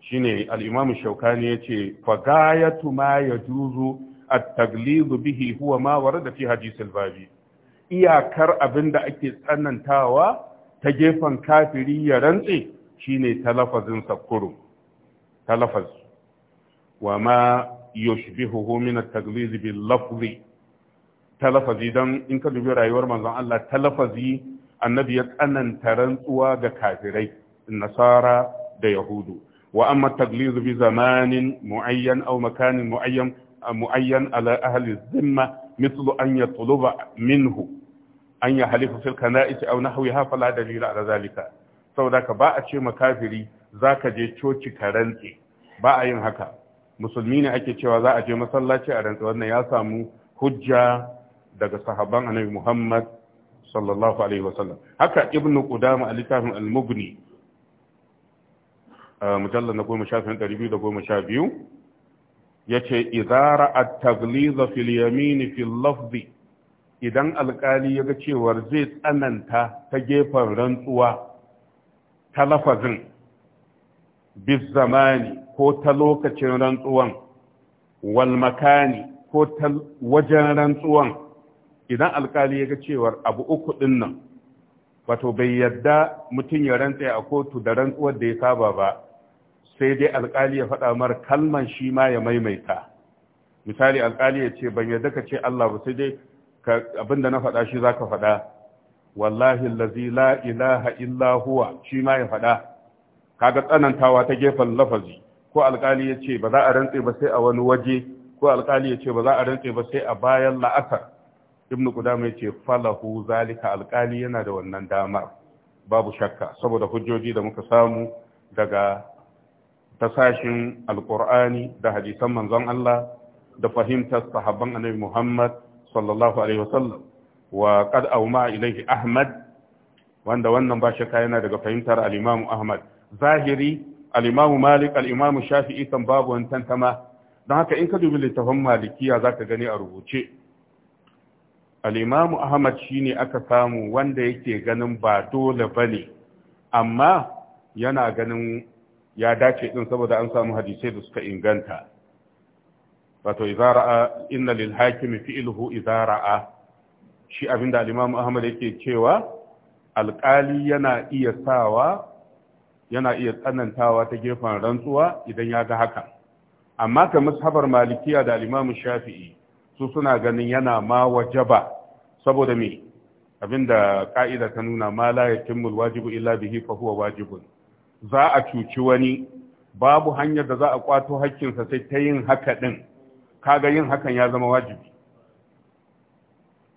shine al-imam shaukani yace fa gayatu ma yajuzu at-taglidu bihi huwa ma warada fi hadith al-babi iyakar abinda ake tsanantawa ta gefen kafiri ya rantse shine talafazin sakuru talafaz wa ma yushbihuhu min at-taglid bil lafzi talafazi dan in ka dubi rayuwar manzon Allah talafazi annabi ya tsananta rantsuwa ga kafirai nasara da yahudu wa amma at-taglid bi zamanin muayyan aw makanin muayyan muayyan ala ahli dhimma mithlu an yatluba minhu an yahlifa fil kana'is aw nahwiha fala dalila ala dhalika saboda ka ba a ce makafiri za ka je coci ka rantse ba a yin haka musulmi ne ake cewa za a je masallaci a rantse wannan ya samu hujja daga sahabban annabi muhammad sallallahu alaihi wasallam haka ibnu qudama a littafin al-mughni mujalla na goma sha biyu ɗari biyu da goma sha biyu ya ce izara a tagliza fil yamini idan alkali ya ga cewar zai tsananta ta gefen rantsuwa ta lafazin bis zamani ko ta lokacin rantsuwan wal makani ko ta wajen rantsuwan idan alkali ya ga cewar abu uku din nan wato bai yadda mutum ya rantsa a kotu da rantsuwar da ya saba ba sai dai alkali ya faɗa mar kalman shi ma ya maimaita misali alkali ya ce ban yadda ka ce Allah ba sai dai abinda na faɗa shi zaka faɗa wallahi lazila la ilaha illa huwa shi ma ya faɗa kaga tsanantawa ta gefen lafazi ko alkali ya ce ba za a rantse ba sai a wani waje ko alkali ya ce ba za a rantse ba sai a bayan la'asar ibnu qudama ya ce falahu zalika alkali yana da wannan damar babu shakka saboda hujjoji da muka samu daga tasashin alkur'ani da hadisan manzon Allah da fahimtar sahabban annabi Muhammad sallallahu alaihi wasallam wa qad auma ilaihi ahmad wanda wannan ba shakka yana daga fahimtar al-imam ahmad zahiri al-imam malik al-imam shafi'i kan babu wani tantama don haka in ka dubi littafin malikiya zaka gani a rubuce al-imam ahmad shine aka samu wanda yake ganin ba dole bane amma yana ganin ya dace din saboda an samu hadisai da suka inganta wato idza inna lil hakimi fi'luhu idza shi abin da alimamu ahmad yake cewa alkali yana iya sawa yana iya tsanantawa ta gefen rantsuwa idan ya ga haka amma ka mushabar malikiya da alimamu shafi'i su suna ganin yana ma wajaba saboda me da ka'ida ta nuna ma la yatimul wajibu illa bihi fa huwa wajibun za a cuci wani babu hanyar da za a kwato hakkinsa sai ta yin haka din kaga yin hakan ya zama wajibi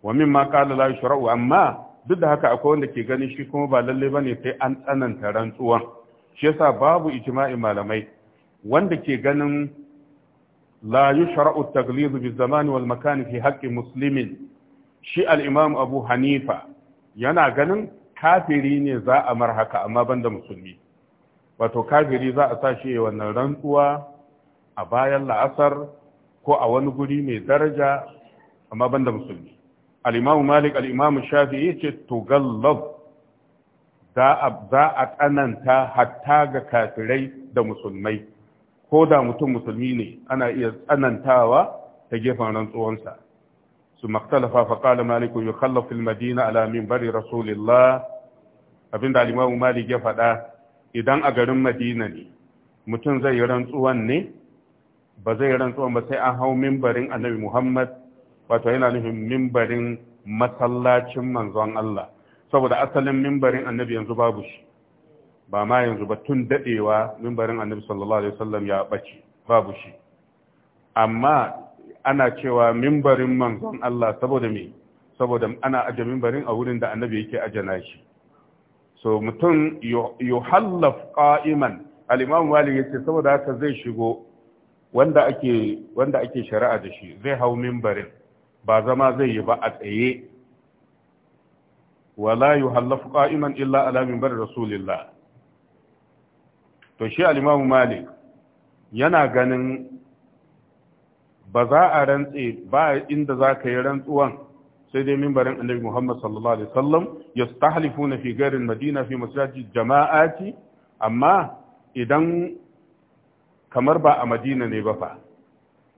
wa min ma qala la yushra'u amma duk da haka akwai wanda ke ganin shi kuma ba lalle bane sai an tsananta rantsuwan shi yasa babu ijma'in malamai wanda ke ganin la yushra'u taglid bi zaman wal makan fi haqqi muslimin shi al-imam abu hanifa yana ganin kafiri ne za a mar haka amma banda musulmi wato kafiri za a sa shi wannan rantsuwa a bayan la'asar ko a wani guri mai daraja amma banda musulmi al'imamu malik al'imamu shafi ya ce tugallab za a tsananta hatta ga kafirai da musulmai ko da mutum musulmi ne ana iya tsanantawa ta gefen rantsuwansa su maktalafa faƙala malikun yi kallafin madina alamin bari rasulillah abinda al'imamu malik ya faɗa idan a garin madina ne mutum zai yi rantsuwan ne ba zai rantsuwan ba sai an hau mimbarin annabi muhammad wato yana nufin mimbarin masallacin manzon Allah saboda asalin mimbarin annabi yanzu babu shi ba ma yanzu ba tun dadewa mimbarin annabi sallallahu alaihi wasallam ya bace babu shi amma ana cewa mimbarin manzon Allah saboda me saboda ana aje mimbarin a wurin da annabi yake aje shi so mutum yuhallaf qa'iman al-imam wali yace saboda haka zai shigo wanda ake wanda ake shari'a da shi zai hau mimbarin ba zama zai yi ba a tsaye wala yuhallafu qa'iman illa alamin minbar rasulillah to shi al malik yana ganin ba za a rantse ba inda za ka yi rantsuwan sai dai mimbarin annabi Muhammad sallallahu alaihi wasallam yastahlifuna fi garin madina fi Jama'a ci amma idan kamar ba a madina ne ba fa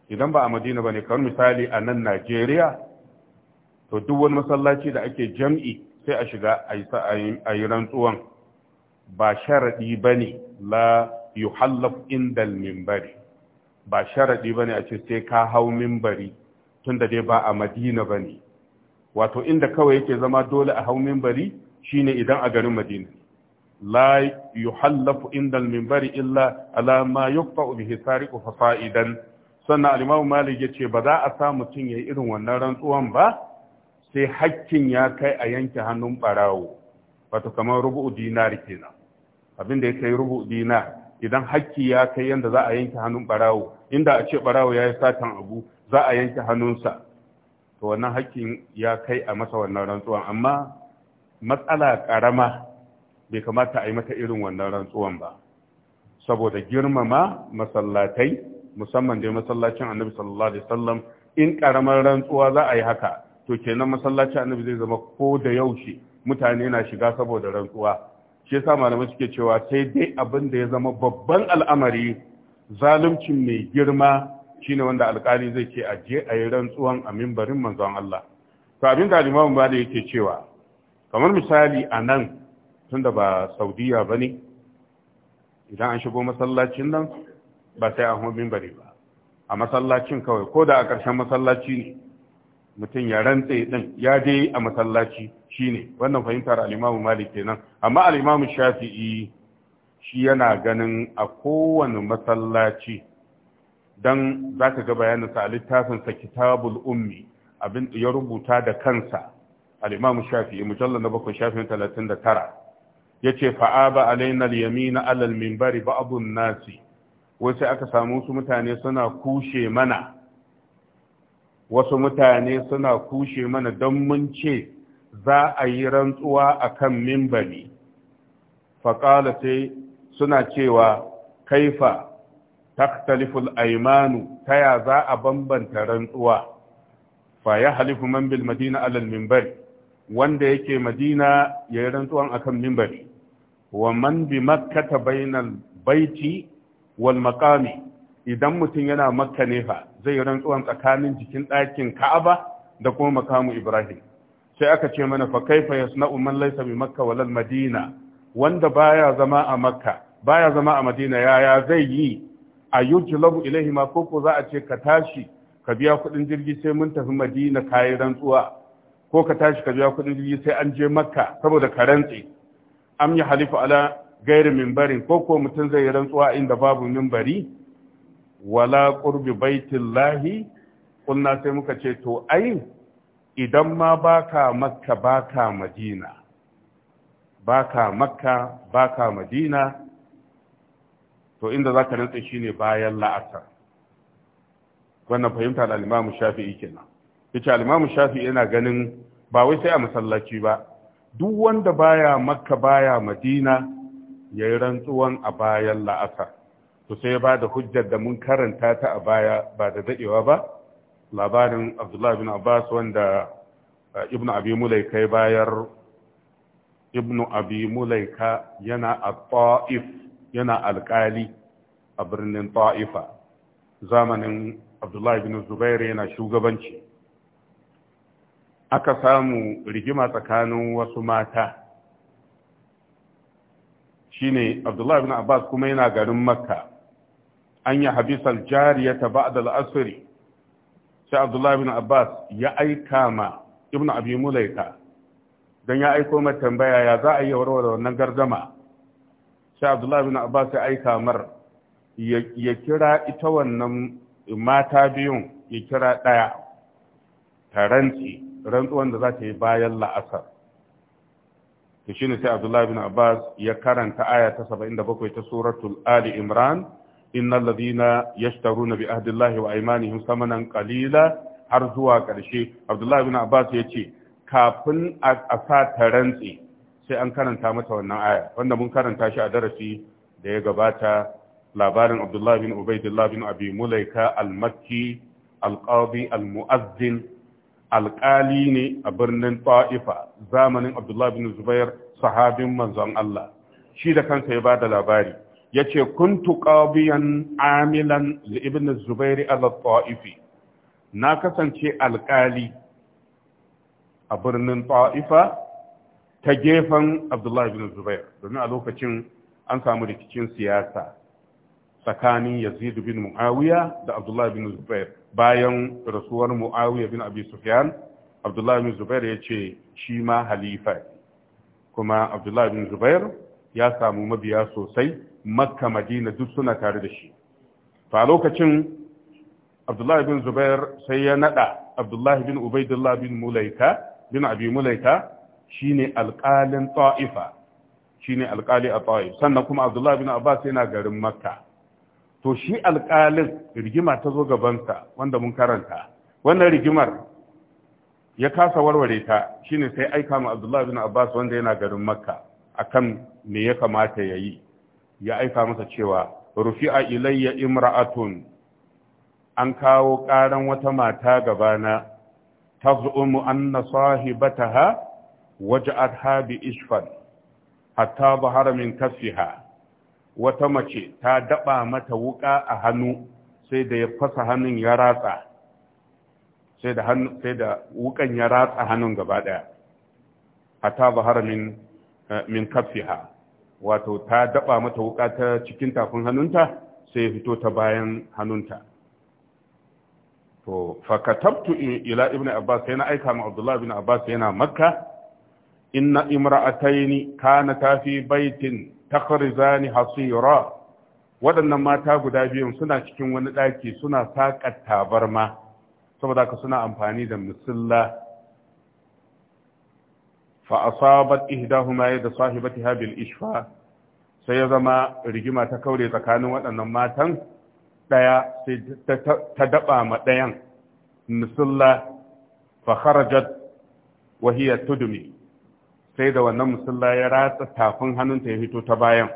idan ba a madina ba ne kamar misali a nan najeriya to duk wani masallaci da ake jam'i sai a shiga a yi rantsuwan ba sharaɗi ba ne la yuhallaf indal mimbari ba sharaɗi ba ne a ce sai ka hau mimbari tun da dai ba a madina ba ne wato inda kawai yake zama dole a hau mimbari shine idan a garin madina la yuhallafu indal mimbari illa ala ma yuqta'u bihi sariqu sannan alimamu malik ya ce ba za a sa mutum ya yi irin wannan rantsuwan ba sai hakkin ya kai a yanke hannun barawo wato kamar rubu'u dinar kenan abinda ya kai rubu dinar idan hakki ya kai yanda za a yanke hannun barawo inda a ce barawo ya yi satan abu za a yanke hannunsa to wannan hakkin ya kai a masa wannan rantsuwan amma matsala karama bai kamata a yi mata irin wannan rantsuwan ba saboda girmama masallatai musamman dai masallacin annabi sallallahu alaihi wasallam in karamar rantsuwa za a yi haka to kenan masallacin annabi zai zama ko da yaushe mutane na shiga saboda rantsuwa shi yasa malamai suke cewa sai dai abin da ya zama babban al'amari zalunci mai girma shine wanda alƙali zai ce a je a yi rantsuwan a mimbarin manzon Allah to abin da limamin da yake cewa kamar misali a nan tunda ba saudiya ba ne idan an shigo masallacin nan ba sai an hau mimbari ba a masallacin kawai ko da a ƙarshen masallaci ne mutum ya rantse din ya je a masallaci shine wannan fahimtar al-Imam Malik kenan amma al Shafi'i shi yana ganin a kowane masallaci dan zaka ga bayanin sa littafin sa Kitabul Ummi abin ya rubuta da kansa al Shafi'i mujallal na 7 Shafi'i 39 yace fa'aba alaina al-yamina ala al-minbari ba'd nasi wasu aka samu su mutane suna kushe mana wasu mutane suna kushe mana don mun ce za a yi rantsuwa a kan mimbali faƙala sai suna cewa kaifa taktaliful aimanu ta ya za a bambanta rantsuwa fa ya halifu man bil madina alal mimbari wanda yake madina ya yi rantsuwan akan mimbari wa man bi makkata bainal baiti walmakami idan mutum yana makka ne fa zai rantsuwan tsakanin jikin ɗakin ka'aba da kuma makamu ibrahim sai aka ce mana fa kaifa yasna'u man laysa makka wal madina wanda baya zama a makka baya zama a madina yaya zai yi a yujlabu ilaihi ma koko za a ce ka tashi ka biya kuɗin jirgi sai mun tafi madina kayi rantsuwa ko ka tashi ka biya kuɗin jirgi sai an je makka saboda ka rantse am ya halifu ala gairi mimbarin ko ko mutum zai yi rantsuwa inda babu mimbari wala qurbi lahi kunna sai muka ce to ai idan ma baka makka baka madina baka makka baka madina to inda zaka rantsa shine bayan la'asar wannan fahimta da al-Imam Shafi'i kenan yace al-Imam Shafi'i yana ganin ba wai sai a masallaci ba duk wanda baya makka baya madina ya yi rantsuwan a bayan la'asar to sai ba da hujjar da mun karanta ta a baya ba da daɗewa ba labarin abdullahi bin abbas wanda eh, ibnu abi kai bayar ibnu abi ka yana a ta'if yana alƙali a birnin ta'ifa zamanin abdullahi bin zubairu yana shugabanci aka samu rigima tsakanin wasu mata shine Abdullah ibn Abbas kuma yana garin Makka an yi habisal jariyata ba'da al-asri sai Abdullah ibn Abbas ya aika ma Ibn Abi Mulaika dan ya aiko mai tambaya ya za a yi warware wannan gardama sai Abdullah ibn Abbas ya aika mar ya kira ita wannan mata biyun ya kira ɗaya. Ta taranci rantsuwan da za ta yi bayan la'asar to ne sai Abdullahi bin Abbas ya karanta aya ta 77 ta suratul Ali Imran innal ladina na bi ahdillahi wa aymanihim samanan qalila har zuwa karshe Abdullahi bin Abbas ya ce kafin a sa ta rantsi sai an karanta mata wannan aya wanda mun karanta shi a darasi da ya gabata labarin Abdullahi bin Ubaidillah bin Abi Mulaika al-Makki al-Qadi al-Mu'azzin alƙali ne a birnin ta'ifa zamanin abdullahi bin zubair sahabin manzon Allah shi da kansa ya ba da labari ya ce kuntu qadiyan amilan li ibn zubair ala ta'ifi na kasance alƙali a birnin ta'ifa ta gefen abdullahi bin zubair domin a lokacin an samu rikicin siyasa tsakanin yazid bin muawiya da abdullahi bin zubair bayan rasuwar muawiya bin abi sufyan abdullahi bin zubair ya ce shi ma halifa kuma abdullahi bin zubair ya samu mabiya sosai makka madina duk suna tare da shi to a lokacin abdullahi bin zubair sai ya nada abdullahi bin ubaidullah bin mulaika bin abi mulaika shine alqalin ta'ifa shine alqali a ta'if sannan kuma abdullahi bin abbas yana garin makka to shi alƙalin rigima ta zo gabansa wanda mun karanta wannan rigimar ya kasa warware ta shine sai aika wa Abdullahi bin Abbas wanda yana garin Makka akan me ya kamata ya yi ya aika masa cewa rufi'a ilayya imra'atun an kawo ƙaran wata mata gabana taz'umu anna sahibataha waj'atha bi ishfan hatta bahara min kasfiha wata mace ta daba mata wuka a hannu sai da ya fasa hannun ya ratsa sai da hannu sai da wukan ya ratsa hannun gaba daya hatta zahara min eh, min kaffiha wato ta daba mata wuka ta cikin tafin hannunta sai ya fito ta bayan hannunta to fa katabtu ila ibnu abbas na aika ma abdullah ibn abbas yana makka inna imra'ataini kanata tafi baitin takarizani hasira waɗannan mata guda biyun suna cikin wani ɗaki suna saƙa tabarma saboda ka suna amfani da musulla. fa asabat ihdahuma yad sahibatiha bil ishfa sai ya zama rigima ta kaure tsakanin waɗannan matan ɗaya sai ta daɓa ma ɗayan musulla, fa kharajat wa hiya tudmi sai da wannan musulla ya ratsa tafin hannunta ya fito ta bayan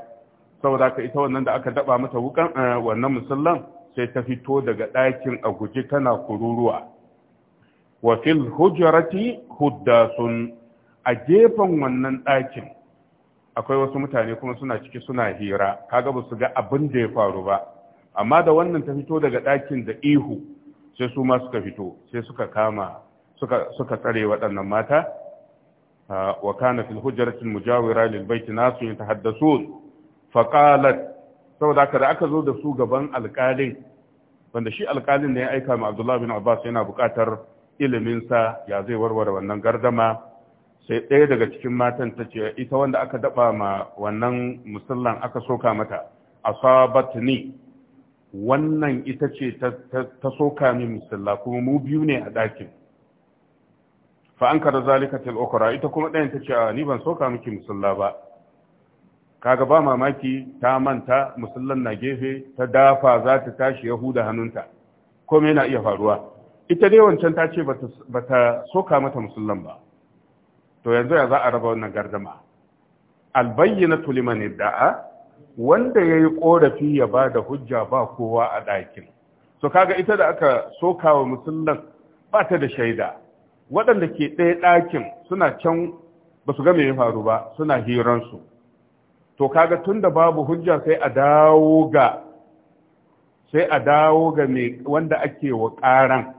saboda ka ita wannan da aka daba mata wukan eh, wannan musullan sai ta fito daga ɗakin a guji tana kururuwa wa fil hudda huddasun a gefen wannan ɗakin akwai wasu mutane kuma suna ciki suna hira kaga ba su ga abin da ya faru ba amma da wannan ta fito daga ɗakin da ihu sai su ma suka fito sai suka kama suka tsare waɗannan mata wa kana fil hujratil mujawira lil bayt nasu yatahaddasun fa qalat saboda aka zo da su gaban alƙalin wanda shi alƙalin ne ya aika ma Abdullah bin Abbas yana buƙatar ilimin sa ya zai warware wannan gardama sai ɗaya daga cikin matan ta ce ita wanda aka daba ma wannan musallan aka soka mata asabatni wannan ita ce ta soka min musalla kuma mu biyu ne a ɗakin fa an kada zalika til ukra ita kuma ɗayan ta ce ni ban soka miki musulla ba kaga ba mamaki ta manta musullan na gefe ta dafa za ta tashi yahuda hannunta kome yana iya faruwa ita dai wancan ta ce ba ta soka mata musullan ba to yanzu ya za a raba wannan gardama albayyana tuliman da'a wanda ya yi korafi ya bada hujja ba kowa a ɗakin To kaga ita da aka soka wa musullan ba ta da shaida waɗanda ke ɗaya ɗakin suna can ba su ga ya faru ba suna hiransu to kaga tun da babu hujja sai a dawo ga sai a dawo ga mai wanda ake wa ƙaran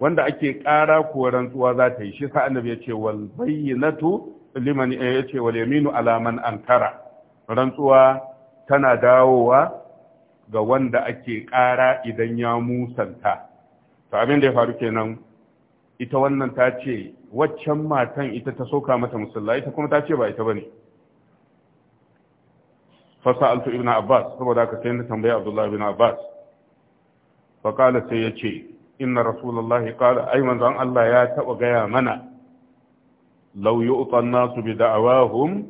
wanda ake ƙara ko rantsuwa za ta yi shi sa annabi ya ce wal bayyinatu liman eh, ya ce wal yaminu ala man ankara rantsuwa tana dawowa ga wanda ake ƙara idan ya musanta to abin da ya faru kenan ita wannan ta ce waccan matan ita ta soka mata musulla ita kuma ta ce ba ita ne. fasa altu ibn abbas saboda haka sai na tambaya abdullahi ibn abbas fa kala sai ya ce inna rasulullahi qala ai manzon Allah ya taba gaya mana law yu'ta an-nasu bi da'awahum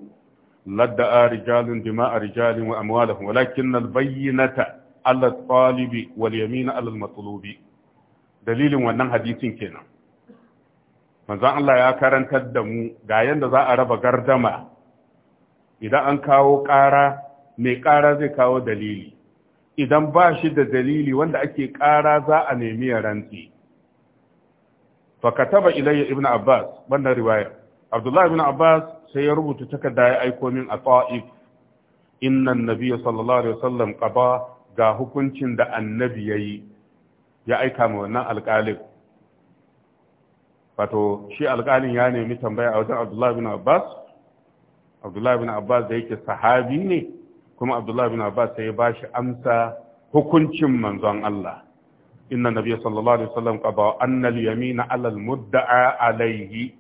ladda'a rijalun dima'a rijalin wa amwalahum walakin al-bayyinata 'ala at-talibi wal yamin 'ala al-matlubi dalilin wannan hadisin kenan manzon Allah ya karantar da mu ga yanda za a raba gardama idan an kawo ƙara mai ƙara zai kawo dalili idan ba shi da dalili wanda ake ƙara za a nemi ya rantsi fakataba ilayya ibn abbas wannan riwaya Abdullahi ibn abbas sai ya rubuta takarda ya aiko min a ta'if innan nabiyya sallallahu alaihi wasallam qaba ga hukuncin da annabi yayi ya aika ma wannan alƙalin wato shi alƙalin ya nemi tambaya a wajen abdullahi bin abbas abdullahi bin abbas da yake sahabi ne kuma abdullahi bin abbas sai ya ba shi amsa hukuncin manzon allah inna nabiyya sallallahu alaihi wasallam qada anna al-yamina ala al-mudda'a alayhi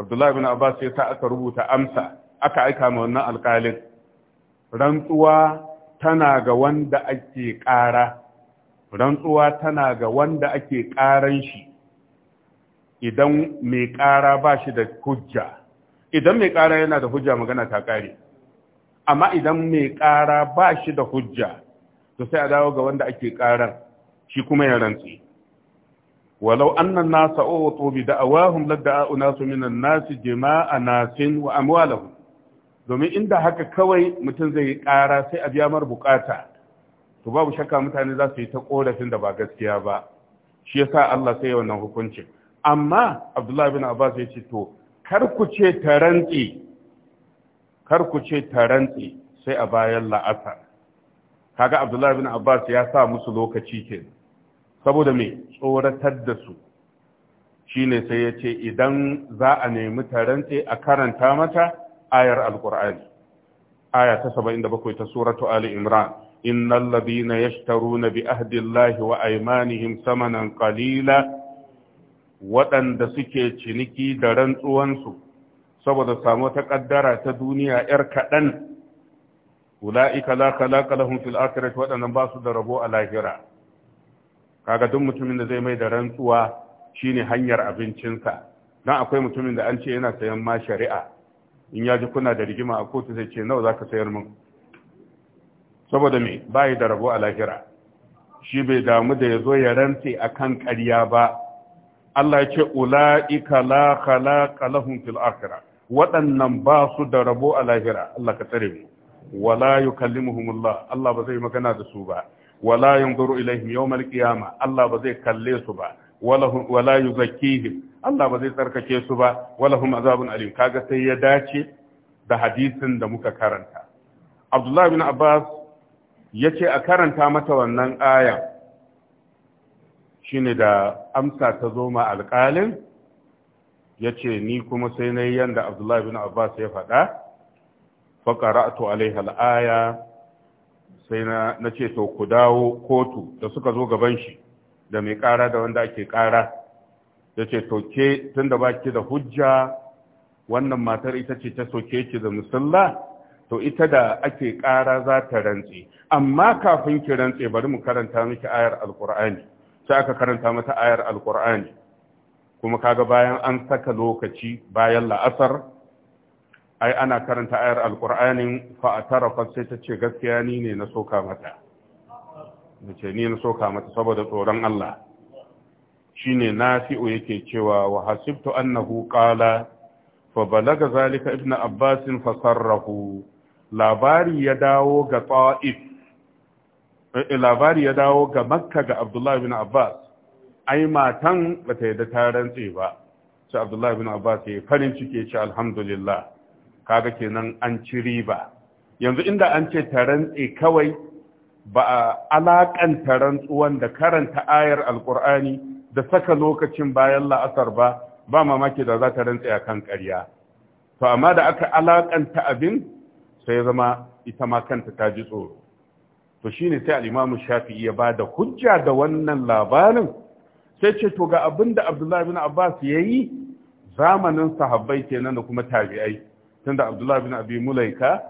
abdullahi bin abbas sai ta aka rubuta amsa aka aika ma wannan alƙalin rantsuwa tana ga wanda ake ƙara rantsuwa tana ga wanda ake ƙaran shi idan mai ƙara ba shi da hujja idan mai ƙara yana da hujja magana ta ƙare amma idan mai ƙara ba shi da hujja to sai a dawo ga wanda ake ƙarar shi kuma ya rantsi walau annan nasa o to bi a una su minan nasi jima'a nasin wa amwalahum domin inda haka kawai mutum zai yi ƙara sai a biya mar bukata to babu shakka mutane za su yi ta korafin da ba gaskiya ba shi yasa Allah sai wannan hukuncin amma abdullahi bin abbas ya ce to kar ku ce ta rantse kar ku ce ta rantse sai a bayan la'asar kaga abdullahi bin abbas ya sa musu lokaci ke saboda mai tsoratar da su shine sai ya ce idan za a nemi ta a karanta mata ayar alkur'ani aya ta 77 ta suratu ali imran إن bi bi Ahdillahi wa aymanihim samanan qalila waɗanda suke ciniki da rantsuwansu saboda samu ta ƙaddara ta duniya ‘yar kaɗan, ula'ika la kalaka lahum fil akirat waɗannan ba su da rabo a lahira. Kaga duk mutumin da zai mai da rantsuwa shine hanyar abincinsa, don akwai mutumin da an ce yana sayan ma shari'a, in ya ji kuna da rigima a kotu zai ce nawa za ka sayar min. Saboda me, ba da rabo a lahira. Shi bai damu da ya zo ya rantse akan ƙarya ba, Allah ya ce ula'ika la khalaqa lahum fil waɗannan ba su da rabo a lahira Allah ka tsare mu wala yukallimuhumullah Allah ba zai magana da su ba wala yanzuru ilaihim yawmal qiyama Allah ba zai kalle su ba wala yuzakkihim Allah ba zai tsarkake su ba wala hum azabun alim kaga sai ya dace da hadisin da muka karanta Abdullah bin Abbas yace a karanta mata wannan ayan shine da amsa ta zo ma alƙalin ya ce ni kuma sai na yi yadda abdullahi bin abbas ya faɗa faƙara'atu alaihal al'aya sai na ce to ku dawo kotu da suka zo gaban shi da mai ƙara da wanda ake ƙara ya ce to ke tun da baki da hujja wannan matar ita ce ta soke ki da musulla to ita da ake ƙara za ta rantse amma kafin ki rantse bari mu karanta miki ayar alƙur'ani sai aka karanta mata ayar alkur'ani kuma kaga bayan an saka lokaci bayan la'asar ai ana karanta ayar alkur'anin fa'atarafa sai ta ce gaskiya ni ne na soka mata da ni na soka mata saboda tsoron Allah shine nafi'u yake cewa wa hasibtu annahu qala fa balaga zalika ibnu abbasin fasarrahu labari ya dawo ga ta'if Eh, labari ya dawo ga makka ga abdullahi bin abbas ai matan ba ta yadda ta rantse ba sai abdullahi bin abbas ya farin ciki ya ce alhamdulillah kaga kenan an ci riba yanzu inda an ce ta rantse kawai ba a alakanta rantsuwan da karanta ayar alkur'ani da saka lokacin bayan la'asar ba ba mamaki da za ta rantse a kan ƙarya to amma da aka alakanta abin sai zama ita ma kanta ta ji tsoro to shine sai al-Imam Shafi'i ya bada hujja da wannan labarin sai ce to ga abinda Abdullah ibn Abbas yayi zamanin sahabbai kenan da kuma tabi'ai tunda Abdullah ibn Abi Mulaika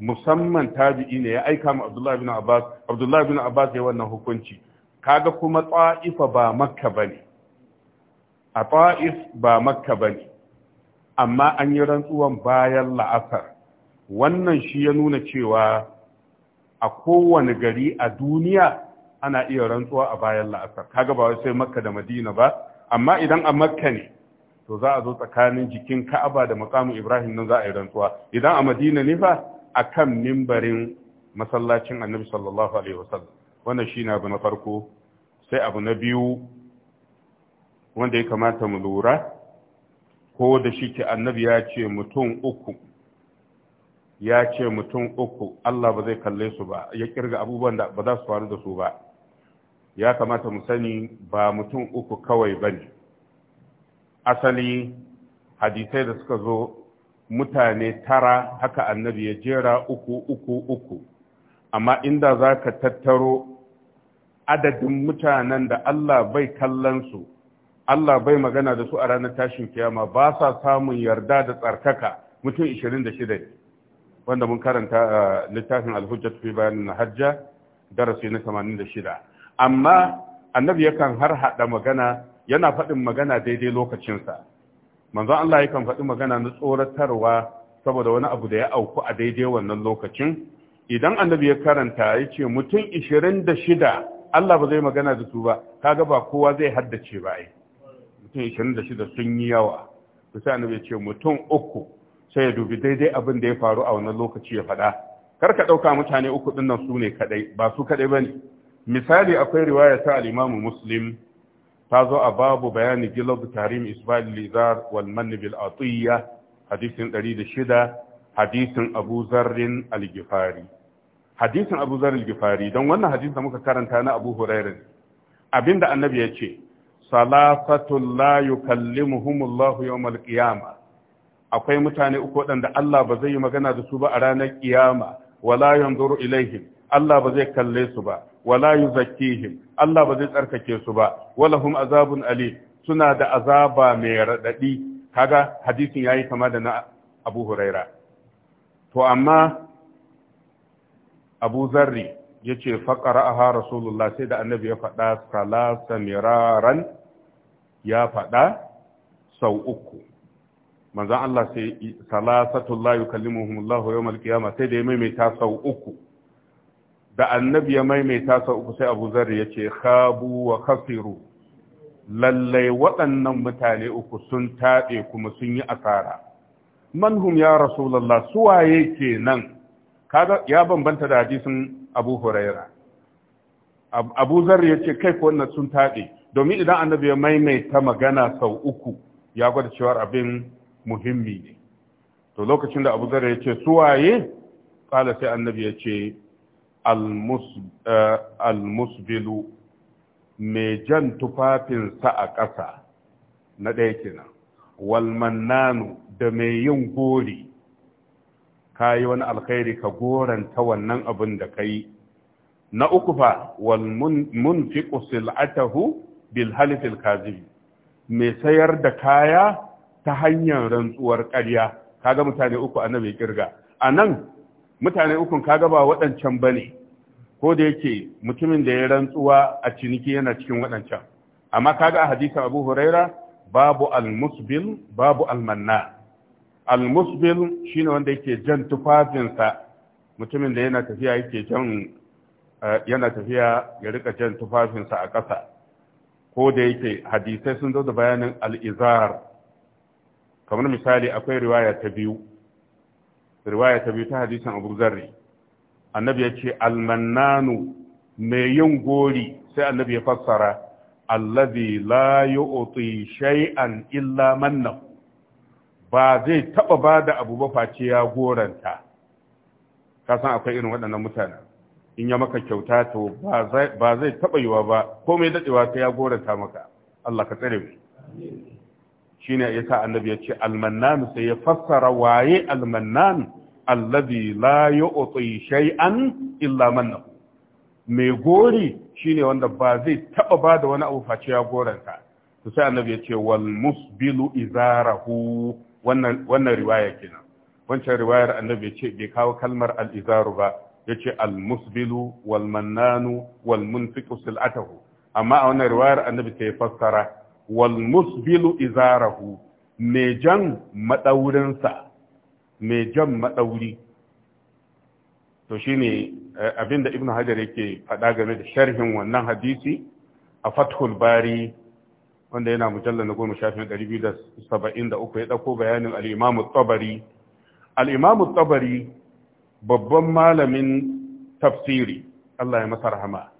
musamman tabi'i ne ya aika mu Abdullah ibn Abbas Abdullah ibn Abbas ya wannan hukunci kaga kuma Ta'ifa ba Makka bane a Ta'if ba Makka bane amma an yi rantsuwan bayan la'asar wannan shi ya nuna cewa a kowane gari a duniya ana iya rantsuwa a bayan la'asar kaga ba sai makka da madina ba amma idan a makka ne to za a zo tsakanin jikin ka'aba da makamin ibrahim nan za a yi rantsuwa idan a madina ne ba, a kan mimbarin masallacin annabi sallallahu alaihi wasallam wannan shine abu na farko sai abu na biyu wanda ya kamata mu lura ko da shi ke annabi ya ce mutum uku ya ce mutum uku Allah ba zai kalle su ba ya kirga abubuwan da ba za su faru da su ba ya kamata mu sani ba mutum uku kawai ba ne asali hadisai da suka zo mutane tara haka annabi ya jera uku uku uku amma inda za ka tattaro adadin mutanen da Allah bai kallonsu Allah bai magana da su a ranar tashin kiyama ba sa samun yarda da tsarkaka mutum 26 ne wanda mun karanta a littafin alhujjat fi bayanin hajja darasi na 86 amma annabi yakan har hada magana yana faɗin magana daidai lokacinsa manzon Allah yakan faɗi magana na tsoratarwa saboda wani abu da ya auku a daidai wannan lokacin idan annabi ya karanta ya ce mutum 26 Allah ba zai magana da su ba kaga ba kowa zai haddace ba ai mutum 26 sun yi yawa to sai annabi ya ce mutum uku sai ya dubi daidai abin da ya faru a wannan lokaci ya faɗa kar ka ɗauka mutane uku ɗin nan su ne kaɗai ba su kaɗai ba ne misali akwai riwaya ta al'imamu muslim ta zo a babu bayani gilab tarim isbal lizar wal manni bil atiyya hadisin 106 hadisin abu zarrin al-gifari hadisin abu zarrin al-gifari don wannan hadisin muka karanta na abu hurairu abinda annabi ya ce salafatul la yukallimuhumullahu yawmal qiyamah akwai mutane uku waɗanda Allah ba zai yi magana da su ba a ranar kiyama wala yanzuru ilaihim Allah ba zai kalle su ba wala yuzakkihim Allah ba zai tsarkake su ba walahum azabun ali suna da azaba mai radadi kaga hadisin yayi kama da na Abu Huraira to amma Abu Zarri yace faqara'aha Rasulullah sai da Annabi ya faɗa salasa miraran ya faɗa sau uku Manzan Allah sai salasatul la yukallimuhum Allah yawmal qiyamah sai da ya maimaita sau uku da annabi ya maimaita sau uku sai Abu Zar ya ce khabu wa khasiru lallai waɗannan mutane uku sun taɗe kuma sun yi asara manhum ya su suwaye ke kaga ya bambanta da hadisin Abu Huraira Abu Zar ya ce kai ko wannan sun taɗe domin idan annabi ya maimaita magana sau uku ya gwada cewar abin muhimmi ne to lokacin da abu zara ya ce waye, ƙala sai annabi ya ce eh, almusbilu mai jan tufafinsa a ƙasa na ɗaya kenan walmannanu da mai yin gori ka yi wani alkhairi ka goranta wannan abin da ka yi na uku fa walmunfiƙu sil'atahu bil halifil kazibi mai sayar da kaya ta hanyar rantsuwar ƙarya kaga mutane uku annabi kirga a nan mutane uku kaga ba waɗancan ba ne ko da yake mutumin da ya rantsuwa a ciniki yana cikin waɗancan amma kaga a hadisin abu huraira babu almusbil babu almanna almusbil shine wanda yake jan tufafinsa mutumin da yana tafiya yake eh, ya rika jan tufafinsa a ƙasa ko da yake hadisai sun zo da bayanin al'izar kamar misali akwai riwaya ta biyu riwaya ta biyu ta hadisin abu zarri annabi ya ce almannanu mai yin gori sai annabi ya fassara allazi la yu'ti shay'an illa manna ba zai taba bada abu ba face ya goranta ka san akwai irin waɗannan mutanen in ya maka kyauta to ba zai taba yiwa ba komai dadewa sai ya goranta maka Allah ka tsare mu shine yasa annabi ya ce almannan sai ya fassara waye almannan allazi la yu'ti shay'an illa manna mai gori shine wanda ba zai taba ba da wani abu face ya goranta to sai annabi ya ce wal musbilu izarahu wannan wannan riwaya kenan wancan riwayar annabi ya ce bai kawo kalmar al izaru ba yace al musbilu wal mannanu wal munfiqu sil'atahu amma a wannan riwayar annabi sai ya fassara walmusbilu izarahu mai jan maɗaurinsa mai jan maɗauri to shine eh, abinda ibnu hajar yake faɗa game da sharhin wannan hadisi a fathul bari wanda yana mujallar na goma shafin ɗari biyu da saba'in da uku ya ɗauko bayanin al'imamu tsabari al'imamu tsabari babban malamin tafsiri Allah ya masa rahama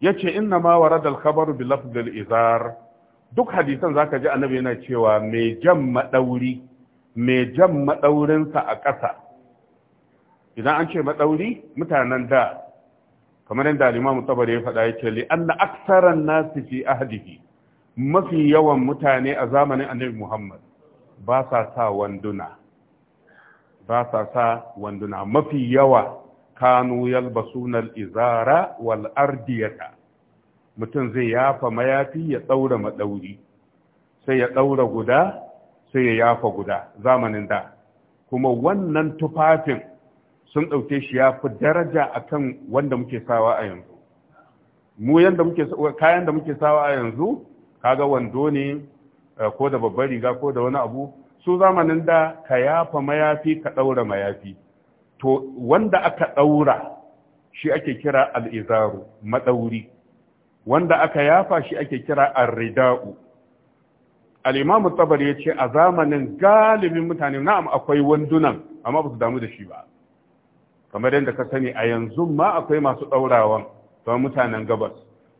yace inna ma al khabaru bi lafzil izar duk hadisan zaka ji annabi yana cewa mai jan madauri mai jan madaurinsa a ƙasa idan an ce madauri mutanen da kamar yadda al-Imam Tabari ya faɗa yake li anna aksaran nasi fi ahdihi mafi yawan mutane a zamanin Annabi Muhammad ba sa sa wanduna ba sa sa wanduna mafi yawa kanu yalbasuna al-izara wal ardiyata mutum zai yafa mayafi ya ɗaura maɗauri sai ya ɗaura guda sai ya yafa guda zamanin da kuma wannan tufafin sun ɗauke shi ya fi daraja akan wanda muke sawa a yanzu mu kayan da muke sawa a yanzu kaga wando ne eh, ko da babbar riga ko da wani abu su zamanin da ka yafa mayafi ka ɗaura mayafi to wanda aka ɗaura shi ake kira al'izaru maɗauri wanda aka yafa shi ake kira ar-rida'u al-imam tabari yace a zamanin galibin mutane na'am akwai wandunan amma ba su damu da shi ba kamar yadda ka sani a yanzu ma akwai masu daurawan to mutanen gabas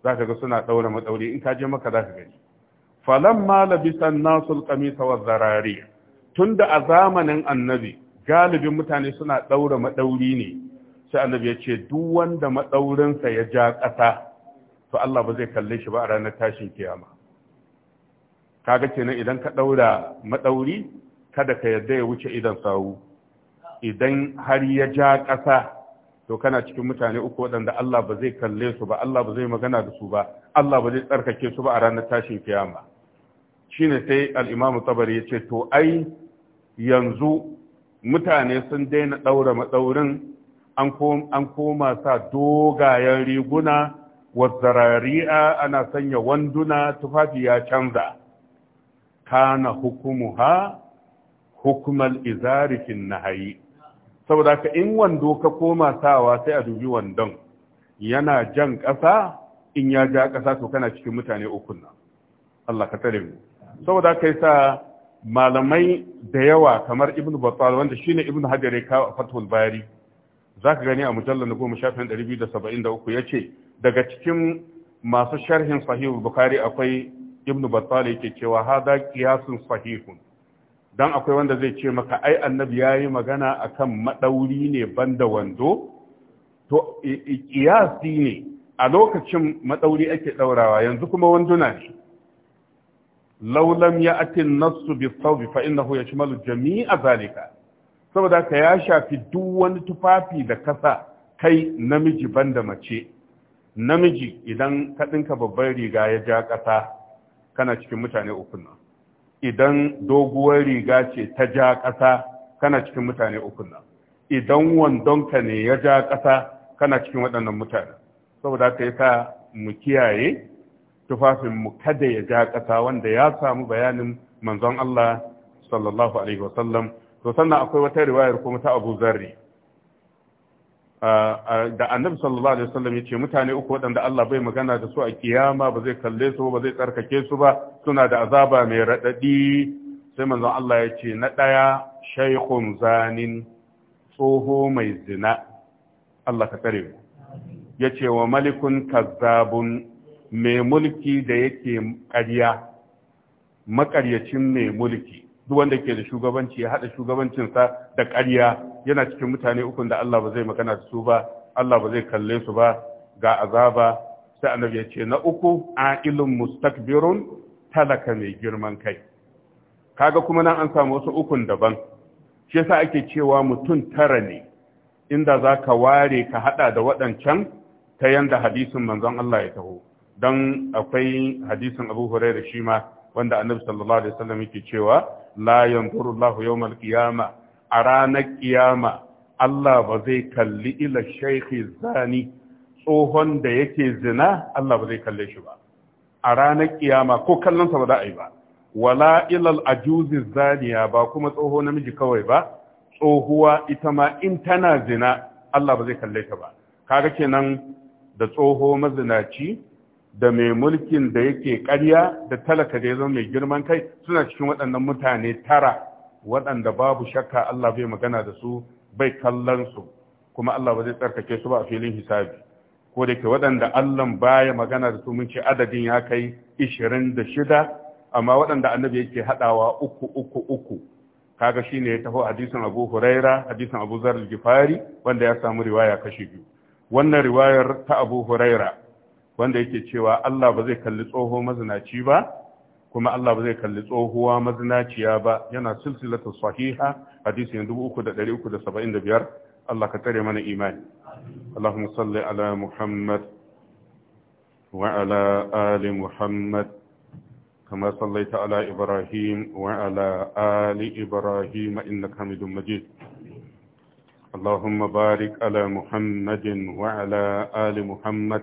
zaka ga suna daura madauri in ka je maka zaka gani falamma labisa an-nasu al-qamisa waz-zarari tunda a zamanin annabi galibin mutane suna daura madauri ne sai annabi ya ce duk wanda madaurinsa ya ja ƙasa to Allah ba zai kalle shi ba a ranar tashin kiyama kaga kenan idan ka daura madauri kada ka yarda ya wuce idan sawu idan har ya ja ƙasa to kana cikin mutane uku waɗanda Allah ba zai kalle su ba Allah ba zai magana da su ba Allah ba zai tsarkake su ba a ranar tashin kiyama shine sai al-Imam Tabari yace to ai yanzu mutane sun daina daura madaurin an koma sa dogayen riguna wazzarari'a ana sanya wanduna tufafi ya canza kana ha hukumar izari fin nahayi saboda ka in wando ka koma sawa sai a dubi wandon yana jan ƙasa in ya ja ƙasa to kana cikin mutane uku nan Allah ka tare mu saboda kai sa malamai da yawa kamar ibnu Battal wanda shine Ibn Hajar ya kawo Fathul Bari zaka gani a mujallal na goma shafin 273 yace daga cikin masu sharhin sahihu bukhari akwai ibnu battali yake cewa hada qiyasun sahihun dan akwai wanda zai ce maka ai annabi yayi magana akan madauri ne banda wando to kiyasi ne a lokacin madauri ake daurawa yanzu kuma wanduna ne laulam ya an nasu bi saubi fa innahu yashmalu jami'a zalika saboda ka ya shafi duk wani tufafi da kasa kai namiji banda mace namiji idan kaɗinka babban riga ya ja ƙasa kana cikin mutane uku nan idan doguwar riga ce ta ja ƙasa kana cikin mutane uku nan idan wandonka ne ya ja ƙasa kana cikin waɗannan mutane saboda haka yasa mu kiyaye tufafin mu kada ya ja ƙasa wanda ya samu bayanin manzon Allah sallallahu alaihi wasallam to sannan akwai wata riwayar kuma ta Abu Zarri da annabi sallallahu alaihi wasallam yace mutane uku waɗanda Allah bai magana da su a kiyama ba zai kalle su ba zai tsarkake su ba suna da azaba mai raɗaɗi sai manzon Allah yace na ɗaya shaykhun zanin tsoho mai zina Allah ka tsare mu yace wa malikun kazzabun mai mulki da yake ƙarya makaryacin mai mulki duk wanda ke da shugabanci ya haɗa shugabancinsa da ƙarya yana cikin mutane ukun da Allah ba zai magana da su ba Allah ba zai kalle su ba ga azaba sai annabi ya ce na uku ilin mustakbirun talaka mai girman kai kaga kuma nan an samu wasu ukun daban shi yasa ake cewa mutum tara ne inda za ka ware ka haɗa da waɗancan ta yanda hadisin manzon Allah ya taho don akwai hadisin Abu Hurairah shi ma wanda Annabi sallallahu alaihi wasallam yake cewa la yanzuru Allahu yawmal qiyamah a ranar kiyama Allah ba zai kalli ila shaikhi zani tsohon da yake zina Allah ba zai kalle shi ba a ranar kiyama ko kallonsa ba za a yi ba wala ilal ajuzi zaniya ba kuma tsoho namiji kawai ba tsohuwa ita ma in tana zina Allah ba zai kalle ta ba kaga kenan da tsoho mazinaci da mai mulkin da yake ƙarya da talaka da ya zama mai girman kai suna cikin waɗannan mutane tara waɗanda babu shakka Allah bai magana da su bai kallon su kuma Allah ba zai tsarkake su ba a filin hisabi ko da ke waɗanda Allah baya magana da su mun ce adadin ya kai da shida, amma waɗanda annabi yake haɗawa uku uku uku kaga shine ya taho hadisin Abu Huraira hadisin Abu Zar al wanda ya samu riwaya kashi biyu wannan riwayar ta Abu Huraira wanda yake cewa Allah ba zai kalli tsoho mazinaci ba kuma Allah ba zai kalli tsohuwa mazinaciya ba yana silsilatu sahiha hadisi na biyar. Allah ka tare mana imani Allahumma salli ala Muhammad wa ala ali Muhammad kama sallaita ala Ibrahim wa ala ali Ibrahim innaka Hamidum Majid اللهم بارك على محمد وعلى آل محمد